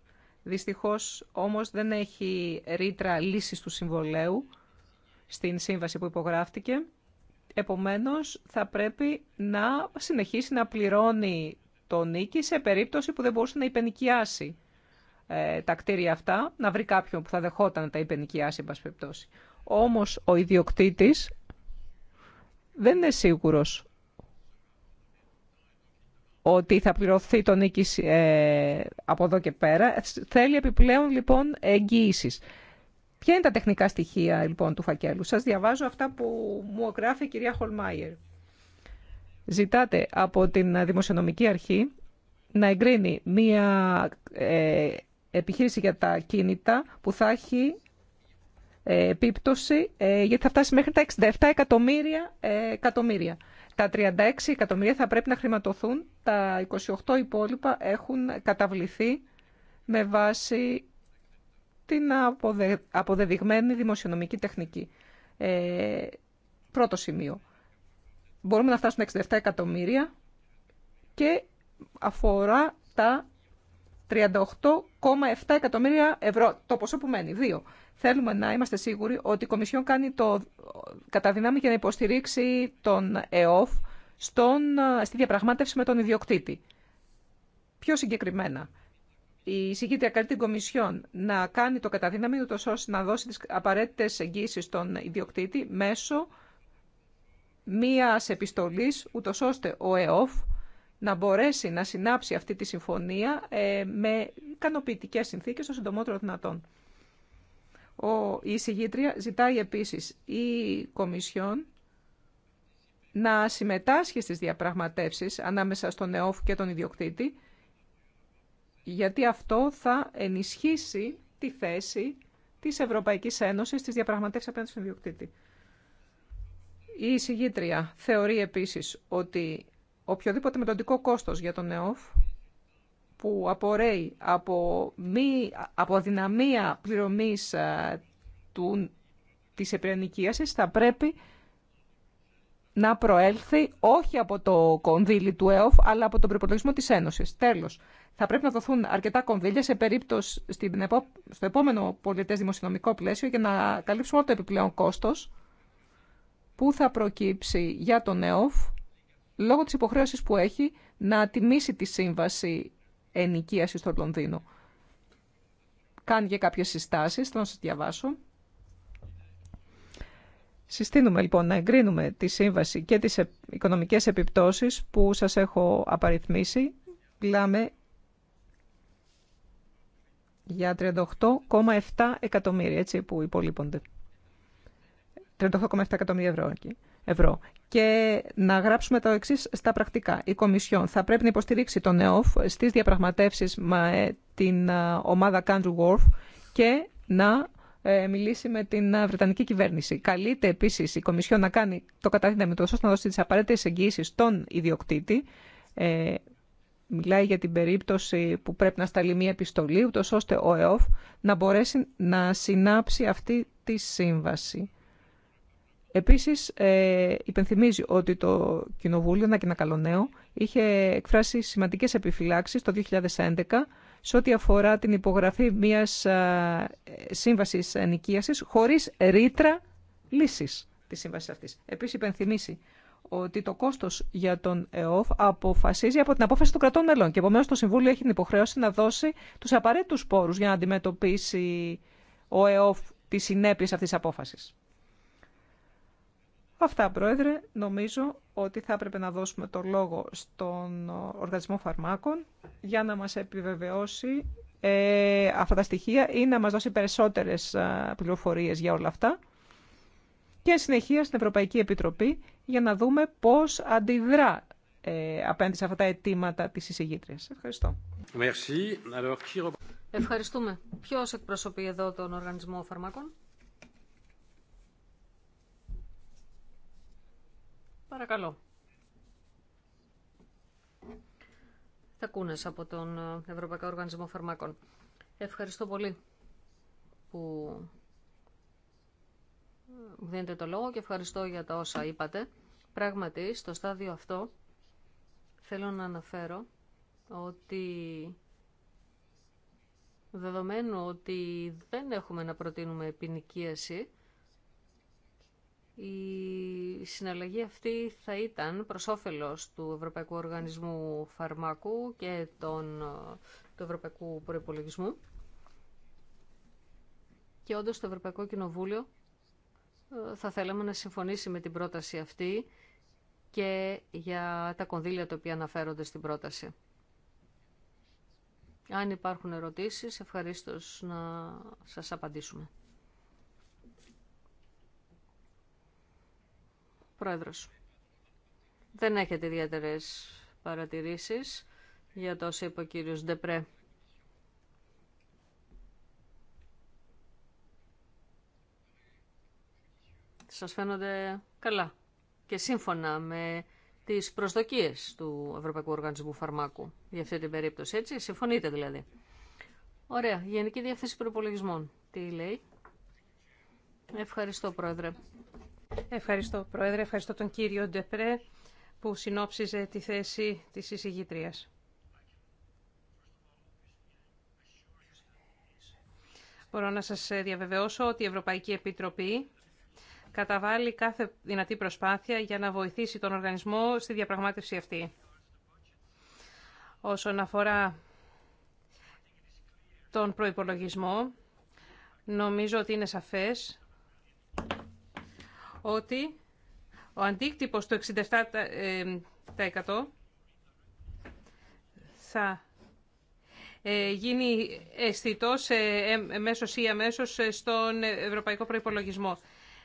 Speaker 3: Δυστυχώς, όμως, δεν έχει ρήτρα λύσης του συμβολέου στην σύμβαση που υπογράφτηκε. Επομένως, θα πρέπει να συνεχίσει να πληρώνει το νίκη σε περίπτωση που δεν μπορούσε να υπενικιάσει ε, τα κτίρια αυτά, να βρει κάποιον που θα δεχόταν να τα υπενικιάσει, εν όμως ο ιδιοκτήτης δεν είναι σίγουρος ότι θα πληρωθεί το νίκη ε, από εδώ και πέρα. Θέλει επιπλέον λοιπόν εγγύησεις. Ποια είναι τα τεχνικά στοιχεία λοιπόν του φακέλου. Σας διαβάζω αυτά που μου γράφει η κυρία Χολμάιερ. Ζητάτε από την Δημοσιονομική Αρχή να εγκρίνει μία ε, επιχείρηση για τα κίνητα που θα έχει επίπτωση, ε, γιατί θα φτάσει μέχρι τα 67 εκατομμύρια, ε, εκατομμύρια. Τα 36 εκατομμύρια θα πρέπει να χρηματοθούν, τα 28 υπόλοιπα έχουν καταβληθεί με βάση την αποδε... αποδεδειγμένη δημοσιονομική τεχνική. Ε, πρώτο σημείο. Μπορούμε να φτάσουμε 67 εκατομμύρια και αφορά τα 38,7 εκατομμύρια ευρώ, το ποσό που μένει, δύο. Θέλουμε να είμαστε σίγουροι ότι η Κομισιόν κάνει το κατά για να υποστηρίξει τον ΕΟΦ στον, στη διαπραγμάτευση με τον ιδιοκτήτη. Πιο συγκεκριμένα, η συγκήτρια καλεί την Κομισιόν να κάνει το κατά δύναμη ώστε να δώσει τις απαραίτητες εγγύσεις στον ιδιοκτήτη μέσω μίας επιστολής, ούτω ώστε ο ΕΟΦ να μπορέσει να συνάψει αυτή τη συμφωνία ε, με ικανοποιητικέ συνθήκες το συντομότερο δυνατόν. Ο, η εισηγήτρια ζητάει επίσης η Κομισιόν να συμμετάσχει στις διαπραγματεύσεις ανάμεσα στον ΕΟΦ και τον ιδιοκτήτη, γιατί αυτό θα ενισχύσει τη θέση της Ευρωπαϊκής Ένωσης στις διαπραγματεύσεις απέναντι στον ιδιοκτήτη. Η εισηγήτρια θεωρεί επίσης ότι οποιοδήποτε μετοντικό κόστος για τον ΕΟΦ που απορρέει από, μη, από αδυναμία πληρωμής ε, του, της επιρρενικίασης θα πρέπει να προέλθει όχι από το κονδύλι του ΕΟΦ, αλλά από τον προπολογισμό της Ένωσης. Τέλος, θα πρέπει να δοθούν αρκετά κονδύλια σε περίπτωση στην, στο επόμενο πολιτές δημοσιονομικό πλαίσιο για να καλύψουμε όλο το επιπλέον κόστος που θα προκύψει για τον ΕΟΦ λόγω της υποχρέωσης που έχει να τιμήσει τη σύμβαση ενοικίαση στο Λονδίνο. Κάνει και κάποιες συστάσεις, θα σας διαβάσω. Συστήνουμε λοιπόν να εγκρίνουμε τη σύμβαση και τις οικονομικές επιπτώσεις που σας έχω απαριθμίσει. Μιλάμε για 38,7 εκατομμύρια, έτσι που υπολείπονται. 38,7 εκατομμύρια ευρώ εκεί ευρώ. Και να γράψουμε το εξή στα πρακτικά. Η Κομισιόν θα πρέπει να υποστηρίξει τον ΕΟΦ στι διαπραγματεύσει με την ε, ομάδα Κάντρου Γουόρφ και να ε, μιλήσει με την ε, Βρετανική κυβέρνηση. Καλείται επίση η Κομισιόν να κάνει το με το σώστο να δώσει τι απαραίτητε εγγυήσει στον ιδιοκτήτη. Ε, μιλάει για την περίπτωση που πρέπει να σταλεί μία επιστολή, ούτω ώστε ο ΕΟΦ να μπορέσει να συνάψει αυτή τη σύμβαση. Επίσης, ε, υπενθυμίζει ότι το Κοινοβούλιο, να και ένα καλό νέο, είχε εκφράσει σημαντικές επιφυλάξεις το 2011 σε ό,τι αφορά την υπογραφή μιας σύμβασης ενοικίαση χωρίς ρήτρα λύσης της σύμβασης αυτής. Επίσης, υπενθυμίζει ότι το κόστος για τον ΕΟΦ αποφασίζει από την απόφαση των κρατών μελών και επομένω το Συμβούλιο έχει την υποχρέωση να δώσει του απαραίτητου πόρου για να αντιμετωπίσει ο ΕΟΦ τις συνέπειε αυτή τη απόφαση. Αυτά, Πρόεδρε, νομίζω ότι θα έπρεπε να δώσουμε το λόγο στον Οργανισμό Φαρμάκων για να μας επιβεβαιώσει ε, αυτά τα στοιχεία ή να μας δώσει περισσότερες ε, πληροφορίες για όλα αυτά και συνεχεία στην Ευρωπαϊκή Επιτροπή για να δούμε πώς αντιδρά ε, απέναντι σε αυτά τα αιτήματα της εισηγήτριας. Ευχαριστώ.
Speaker 2: Ευχαριστούμε. Ποιος εκπροσωπεί εδώ τον Οργανισμό Φαρμάκων? Παρακαλώ. Θα κούνες από τον Ευρωπαϊκό Οργανισμό Φαρμάκων. Ευχαριστώ πολύ που μου δίνετε το λόγο και ευχαριστώ για τα όσα είπατε. Πράγματι, στο στάδιο αυτό θέλω να αναφέρω ότι δεδομένου ότι δεν έχουμε να προτείνουμε ποινικίαση, η συναλλαγή αυτή θα ήταν προς όφελος του Ευρωπαϊκού Οργανισμού Φαρμάκου και των, του Ευρωπαϊκού Προϋπολογισμού. Και όντως το Ευρωπαϊκό Κοινοβούλιο ε, θα θέλαμε να συμφωνήσει με την πρόταση αυτή και για τα κονδύλια τα οποία αναφέρονται στην πρόταση. Αν υπάρχουν ερωτήσεις, ευχαρίστως να σας απαντήσουμε. Πρόεδρος. Δεν έχετε ιδιαίτερε παρατηρήσεις για το όσο είπε ο κύριος Ντεπρέ. Σας φαίνονται καλά και σύμφωνα με τις προσδοκίες του Ευρωπαϊκού Οργανισμού Φαρμάκου για αυτή την περίπτωση, έτσι, συμφωνείτε δηλαδή. Ωραία, Γενική Διεύθυνση
Speaker 1: Προπολογισμών. Τι λέει. Ευχαριστώ, Πρόεδρε. Ευχαριστώ, Πρόεδρε. Ευχαριστώ τον κύριο Ντεπρέ που συνόψιζε τη θέση της εισηγητρίας. Μπορώ να σας διαβεβαιώσω ότι η Ευρωπαϊκή Επιτροπή καταβάλει κάθε δυνατή προσπάθεια για να βοηθήσει τον οργανισμό στη διαπραγμάτευση αυτή. Όσον αφορά τον προϋπολογισμό, νομίζω ότι είναι σαφές ότι ο αντίκτυπος του 67% ε, ε, θα ε, γίνει αισθητό μέσω ή αμέσω στον ευρωπαϊκό προϋπολογισμό.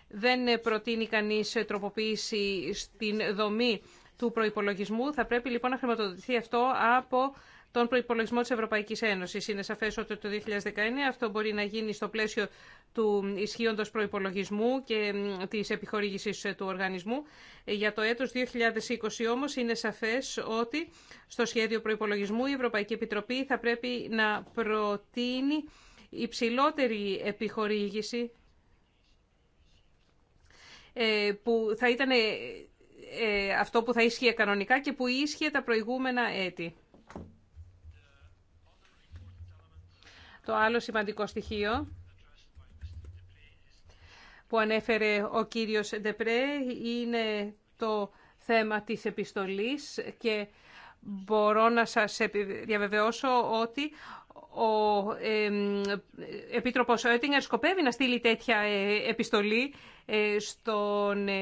Speaker 1: Δεν προτείνει κανείς τροποποίηση στην δομή του προϋπολογισμού. Θα πρέπει λοιπόν να χρηματοδοτηθεί αυτό από τον προπολογισμό τη Ευρωπαϊκή Ένωση. Είναι σαφέ ότι το 2019 αυτό μπορεί να γίνει στο πλαίσιο του ισχύοντο προπολογισμού και τη επιχορήγηση ε, του οργανισμού. Για το έτος 2020 όμω είναι σαφέ ότι στο σχέδιο προπολογισμού η Ευρωπαϊκή Επιτροπή θα πρέπει να προτείνει υψηλότερη επιχορήγηση ε, που θα ήταν ε, αυτό που θα ίσχυε κανονικά και που ίσχυε τα προηγούμενα έτη. Το άλλο σημαντικό στοιχείο που ανέφερε ο κύριος Ντεπρέ είναι το θέμα της επιστολής και μπορώ να σας διαβεβαιώσω ότι ο ε, Επίτροπος Έτιγκερ σκοπεύει να στείλει τέτοια ε, επιστολή ε, στον ε,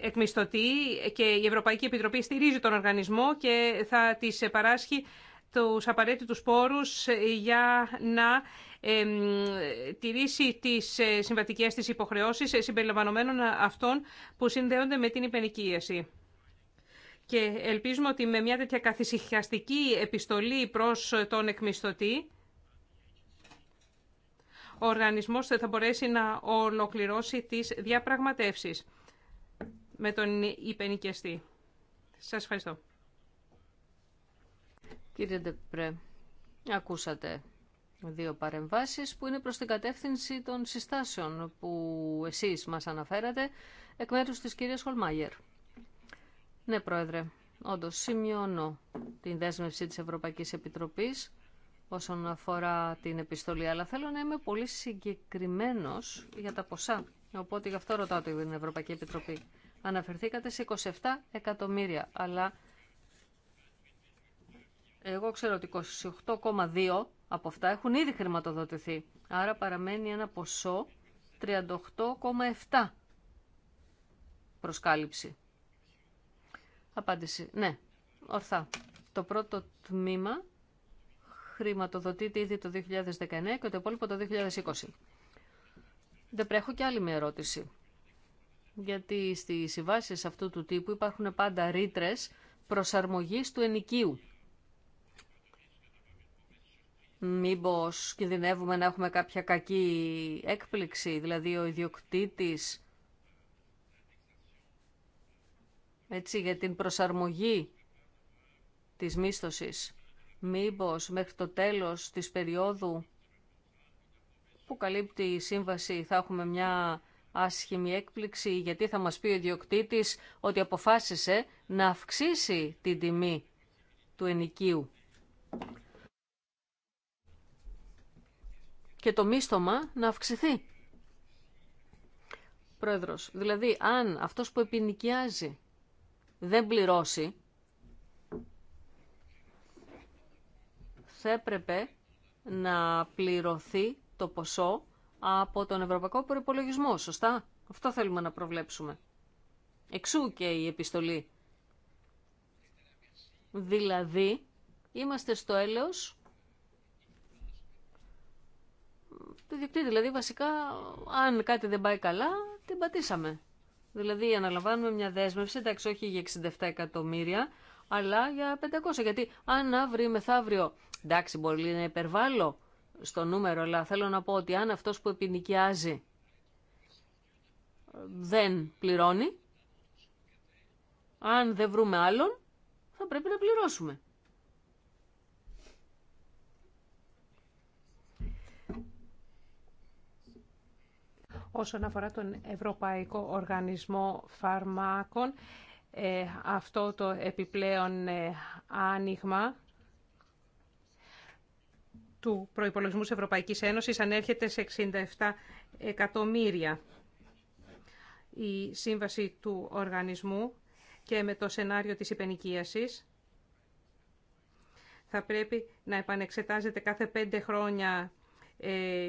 Speaker 1: εκμιστοτή και η Ευρωπαϊκή Επιτροπή στηρίζει τον οργανισμό και θα τις παράσχει τους απαραίτητους πόρους για να τηρήσει τις ε, συμβατικές της υποχρεώσεις ε, συμπεριλαμβανομένων αυτών που συνδέονται με την υπενικίαση. Και ελπίζουμε ότι με μια τέτοια καθησυχιαστική επιστολή προς τον εκμισθωτή, ο οργανισμός θα μπορέσει να ολοκληρώσει τις διαπραγματεύσεις με τον υπενικιαστή. Σας ευχαριστώ. Κύριε Ντεπρέ, ακούσατε δύο
Speaker 2: παρεμβάσεις που είναι προς την κατεύθυνση των συστάσεων που εσείς μας αναφέρατε εκ μέρους της κυρίας Χολμάγερ. Ναι, Πρόεδρε, όντως σημειώνω την δέσμευση της Ευρωπαϊκής Επιτροπής όσον αφορά την επιστολή, αλλά θέλω να είμαι πολύ συγκεκριμένος για τα ποσά. Οπότε γι' αυτό ρωτάω την Ευρωπαϊκή Επιτροπή. Αναφερθήκατε σε 27 εκατομμύρια, αλλά εγώ ξέρω ότι 28,2 από αυτά έχουν ήδη χρηματοδοτηθεί. Άρα παραμένει ένα ποσό 38,7 προσκάλυψη. Απάντηση. Ναι, ορθά. Το πρώτο τμήμα χρηματοδοτείται ήδη το 2019 και το υπόλοιπο το 2020. Δεν πρέχω και άλλη μια ερώτηση. Γιατί στις συμβάσεις αυτού του τύπου υπάρχουν πάντα ρήτρε προσαρμογής του ενοικίου. Μήπω κινδυνεύουμε να έχουμε κάποια κακή έκπληξη, δηλαδή ο ιδιοκτήτης έτσι, για την προσαρμογή της μίσθωσης. Μήπως μέχρι το τέλος της περίοδου που καλύπτει η σύμβαση θα έχουμε μια άσχημη έκπληξη γιατί θα μας πει ο ιδιοκτήτης ότι αποφάσισε να αυξήσει την τιμή του ενοικίου. και το μίστομα να αυξηθεί. Πρόεδρος, δηλαδή αν αυτός που επινοικιάζει δεν πληρώσει, θα έπρεπε να πληρωθεί το ποσό από τον Ευρωπαϊκό Προπολογισμό, σωστά. Αυτό θέλουμε να προβλέψουμε. Εξού και η επιστολή. Δηλαδή, είμαστε στο έλεος το διοκτήτη. Δηλαδή βασικά αν κάτι δεν πάει καλά την πατήσαμε. Δηλαδή αναλαμβάνουμε μια δέσμευση, εντάξει όχι για 67 εκατομμύρια, αλλά για 500. Γιατί αν αύριο μεθαύριο, εντάξει μπορεί να υπερβάλλω στο νούμερο, αλλά θέλω να πω ότι αν αυτός που επινοικιάζει δεν πληρώνει, αν δεν βρούμε άλλον, θα πρέπει να
Speaker 1: πληρώσουμε. όσον αφορά τον Ευρωπαϊκό Οργανισμό Φαρμάκων. Ε, αυτό το επιπλέον ε, άνοιγμα του προϋπολογισμού της Ευρωπαϊκής Ένωσης ανέρχεται σε 67 εκατομμύρια. Η σύμβαση του οργανισμού και με το σενάριο της υπενικίασης θα πρέπει να επανεξετάζεται κάθε πέντε χρόνια ε,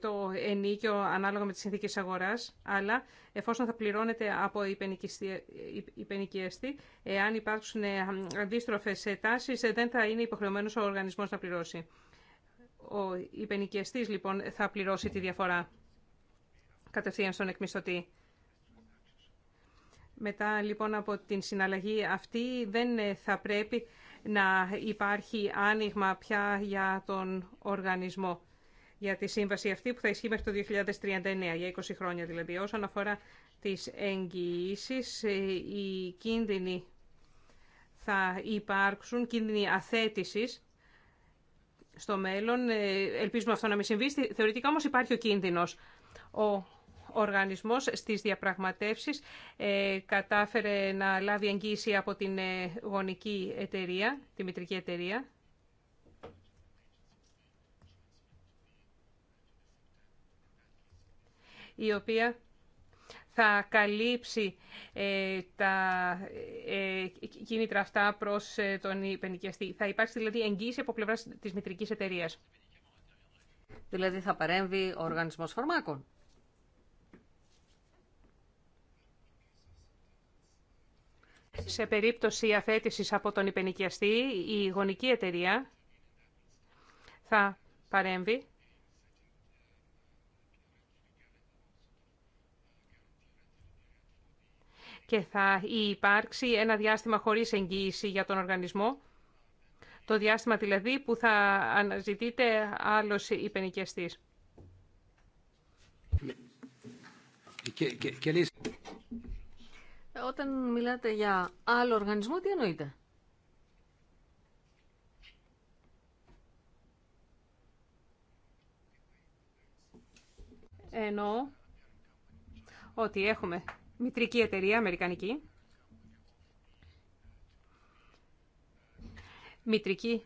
Speaker 1: το ενίκιο ανάλογα με τις συνθήκες αγοράς, αλλά εφόσον θα πληρώνεται από υπενικιαστή, εάν υπάρξουν ε, αντίστροφες ε, τάσεις, δεν θα είναι υποχρεωμένος ο οργανισμός να πληρώσει. Ο υπενικιαστής λοιπόν, θα πληρώσει τη διαφορά κατευθείαν στον εκμισθωτή. Μετά, λοιπόν, από την συναλλαγή αυτή, δεν θα πρέπει να υπάρχει άνοιγμα πια για τον οργανισμό για τη σύμβαση αυτή που θα ισχύει μέχρι το 2039, για 20 χρόνια δηλαδή. Όσον αφορά τις εγγυήσεις, ε, οι κίνδυνοι θα υπάρξουν, κίνδυνοι αθέτησης στο μέλλον. Ε, ελπίζουμε αυτό να μην συμβεί. Θεωρητικά όμως υπάρχει ο κίνδυνος. Ο οργανισμός στις διαπραγματεύσεις ε, κατάφερε να λάβει εγγύηση από την γονική εταιρεία, τη μητρική εταιρεία, η οποία θα καλύψει ε, τα ε, κίνητρα αυτά προς ε, τον υπενικιαστή. Θα υπάρξει δηλαδή εγγύηση από πλευράς της μητρικής εταιρείας. Δηλαδή θα παρέμβει ο οργανισμός φαρμάκων. Σε περίπτωση αφέτησης από τον υπενικιαστή, η γονική εταιρεία θα παρέμβει και θα υπάρξει ένα διάστημα χωρίς εγγύηση για τον οργανισμό, το διάστημα δηλαδή που θα αναζητείται άλλος υπενικιαστής. Και,
Speaker 2: Όταν μιλάτε για άλλο οργανισμό, τι εννοείτε.
Speaker 1: Εννοώ ότι έχουμε μητρική εταιρεία, αμερικανική. Μητρική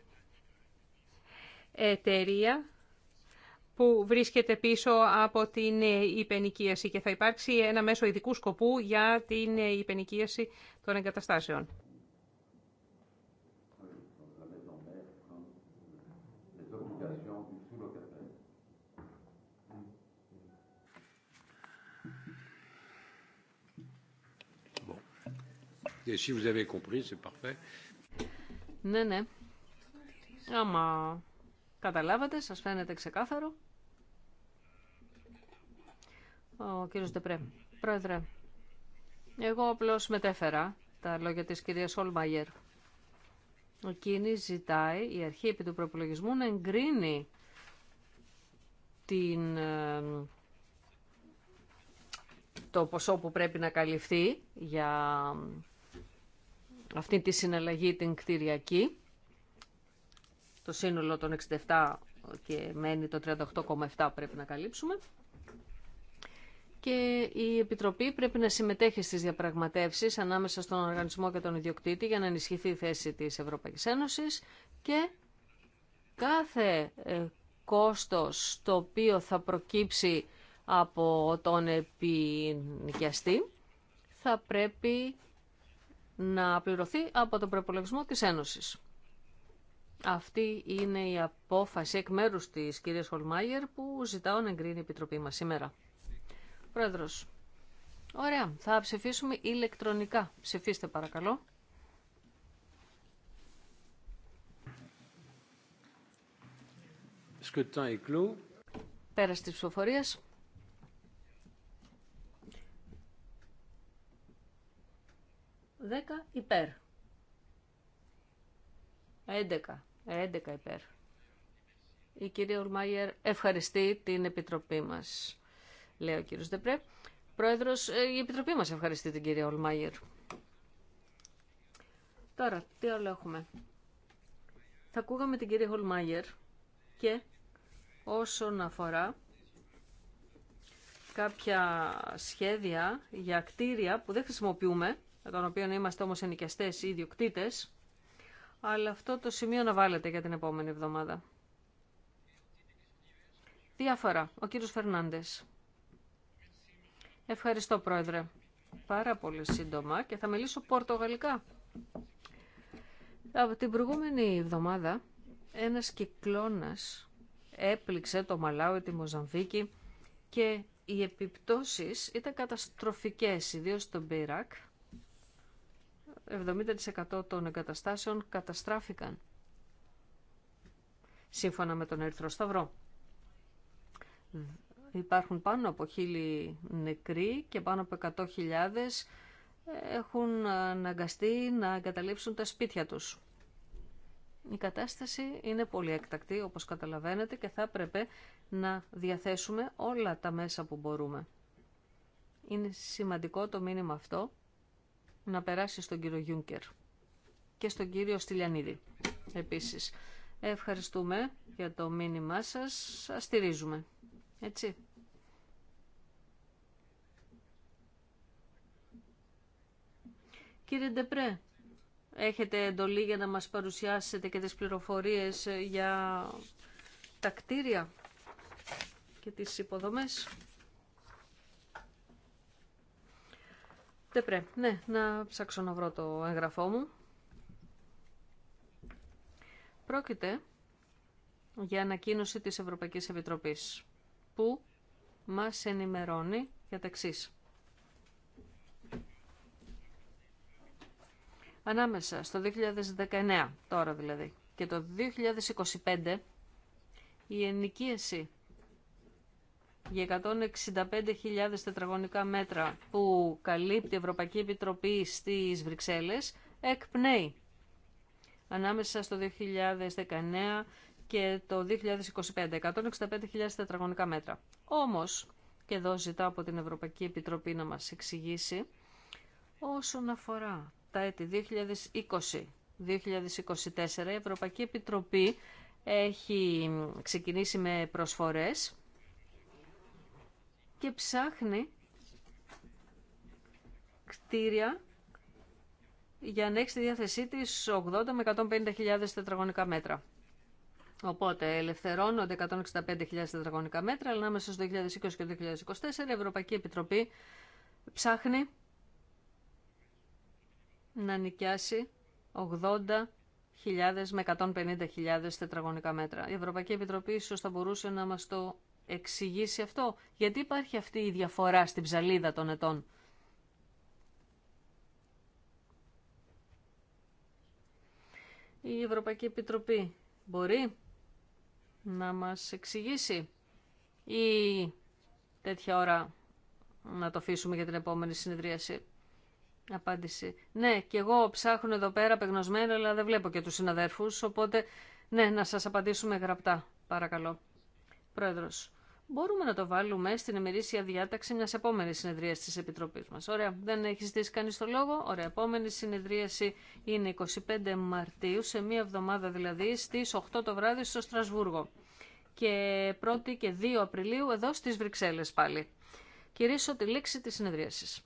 Speaker 1: εταιρεία που βρίσκεται πίσω από την υπενικίαση και θα υπάρξει ένα μέσο ειδικού σκοπού για την υπενικίαση των εγκαταστάσεων.
Speaker 2: Ναι, ναι. Άμα καταλάβατε, σας φαίνεται ξεκάθαρο. Ο κύριος Ντεπρέ. Πρόεδρε, εγώ απλώς μετέφερα τα λόγια της κυρίας Ολμαγερ. Κίνη ζητάει η αρχή επί του προπολογισμού να εγκρίνει την, το ποσό που πρέπει να καλυφθεί για αυτή τη συναλλαγή την κτηριακή, το σύνολο των 67 και μένει το 38,7 πρέπει να καλύψουμε. Και η Επιτροπή πρέπει να συμμετέχει στις διαπραγματεύσεις ανάμεσα στον οργανισμό και τον ιδιοκτήτη για να ενισχυθεί η θέση της Ευρωπαϊκής Ένωσης και κάθε ε, κόστος το οποίο θα προκύψει από τον επινοικιαστή θα πρέπει να πληρωθεί από τον προπολογισμό της Ένωσης. Αυτή είναι η απόφαση εκ μέρους της κυρίας Χολμάγερ που ζητάω να εγκρίνει η Επιτροπή μας σήμερα. Πρόεδρος, ωραία, θα ψηφίσουμε ηλεκτρονικά. Ψηφίστε παρακαλώ. Πέρα τη ψηφοφορία. 10 υπέρ. 11. 11 υπέρ. Η κυρία Ολμάγερ ευχαριστεί την Επιτροπή μας, λέει ο κύριος Δεπρέ. Πρόεδρος, ε, η Επιτροπή μας ευχαριστεί την κυρία Ολμάγερ. Τώρα, τι άλλο έχουμε. Θα ακούγαμε την κυρία Ολμάγερ και όσον αφορά κάποια σχέδια για κτίρια που δεν χρησιμοποιούμε των οποίων είμαστε όμως ενοικιαστές ή ιδιοκτήτες, αλλά αυτό το σημείο να βάλετε για την επόμενη εβδομάδα. Διάφορα. Ο κύριος Φερνάντες. Ευχαριστώ, Πρόεδρε. Πάρα πολύ σύντομα και θα μιλήσω πορτογαλικά. Από την προηγούμενη εβδομάδα ένας κυκλώνας έπληξε το Μαλάου, τη Μοζαμβίκη και οι επιπτώσεις ήταν καταστροφικές, ιδίως στον Πίρακ 70% των εγκαταστάσεων καταστράφηκαν, σύμφωνα με τον Ερυθρό Σταυρό. Υπάρχουν πάνω από χίλιοι νεκροί και πάνω από 100.000 έχουν αναγκαστεί να εγκαταλείψουν τα σπίτια τους. Η κατάσταση είναι πολύ έκτακτη, όπως καταλαβαίνετε, και θα έπρεπε να διαθέσουμε όλα τα μέσα που μπορούμε. Είναι σημαντικό το μήνυμα αυτό να περάσει στον κύριο Γιούνκερ και στον κύριο Στυλιανίδη επίσης. Ευχαριστούμε για το μήνυμά σας. Σας στηρίζουμε. Έτσι. Κύριε Ντεπρέ, έχετε εντολή για να μας παρουσιάσετε και τις πληροφορίες για τα κτίρια και τις υποδομές. ναι, να ψάξω να βρω το έγγραφό μου. Πρόκειται για ανακοίνωση της Ευρωπαϊκής Επιτροπής που μας ενημερώνει για τα εξής. Ανάμεσα στο 2019, τώρα δηλαδή, και το 2025, η ενοικίαση για 165.000 τετραγωνικά μέτρα που καλύπτει η Ευρωπαϊκή Επιτροπή στις Βρυξέλλες εκπνέει ανάμεσα στο 2019 και το 2025, 165.000 τετραγωνικά μέτρα. Όμως, και εδώ ζητάω από την Ευρωπαϊκή Επιτροπή να μας εξηγήσει, όσον αφορά τα έτη 2020-2024, η Ευρωπαϊκή Επιτροπή έχει ξεκινήσει με προσφορές και ψάχνει κτίρια για να έχει στη διάθεσή τη 80 με 150.000 τετραγωνικά μέτρα. Οπότε ελευθερώνονται 165.000 τετραγωνικά μέτρα, αλλά ανάμεσα στο 2020 και το 2024 η Ευρωπαϊκή Επιτροπή ψάχνει να νοικιάσει 80.000 με 150.000 τετραγωνικά μέτρα. Η Ευρωπαϊκή Επιτροπή ίσως θα μπορούσε να μας το εξηγήσει αυτό. Γιατί υπάρχει αυτή η διαφορά στην ψαλίδα των ετών. Η Ευρωπαϊκή Επιτροπή μπορεί να μας εξηγήσει ή τέτοια ώρα να το αφήσουμε για την επόμενη συνεδρίαση. Απάντηση. Ναι, και εγώ ψάχνω εδώ πέρα πεγνωσμένο, αλλά δεν βλέπω και τους συναδέρφους, οπότε ναι, να σας απαντήσουμε γραπτά, παρακαλώ. Πρόεδρος μπορούμε να το βάλουμε στην ημερήσια διάταξη μια επόμενη συνεδρία τη επιτροπή μας. Ωραία, δεν έχει ζητήσει κανεί το λόγο. Ωραία, επόμενη συνεδρίαση είναι 25 Μαρτίου, σε μία εβδομάδα δηλαδή, στις 8 το βράδυ στο Στρασβούργο. Και 1η και 2 Απριλίου εδώ στις Βρυξέλλες πάλι. Κυρίσω τη λήξη τη συνεδρίασης.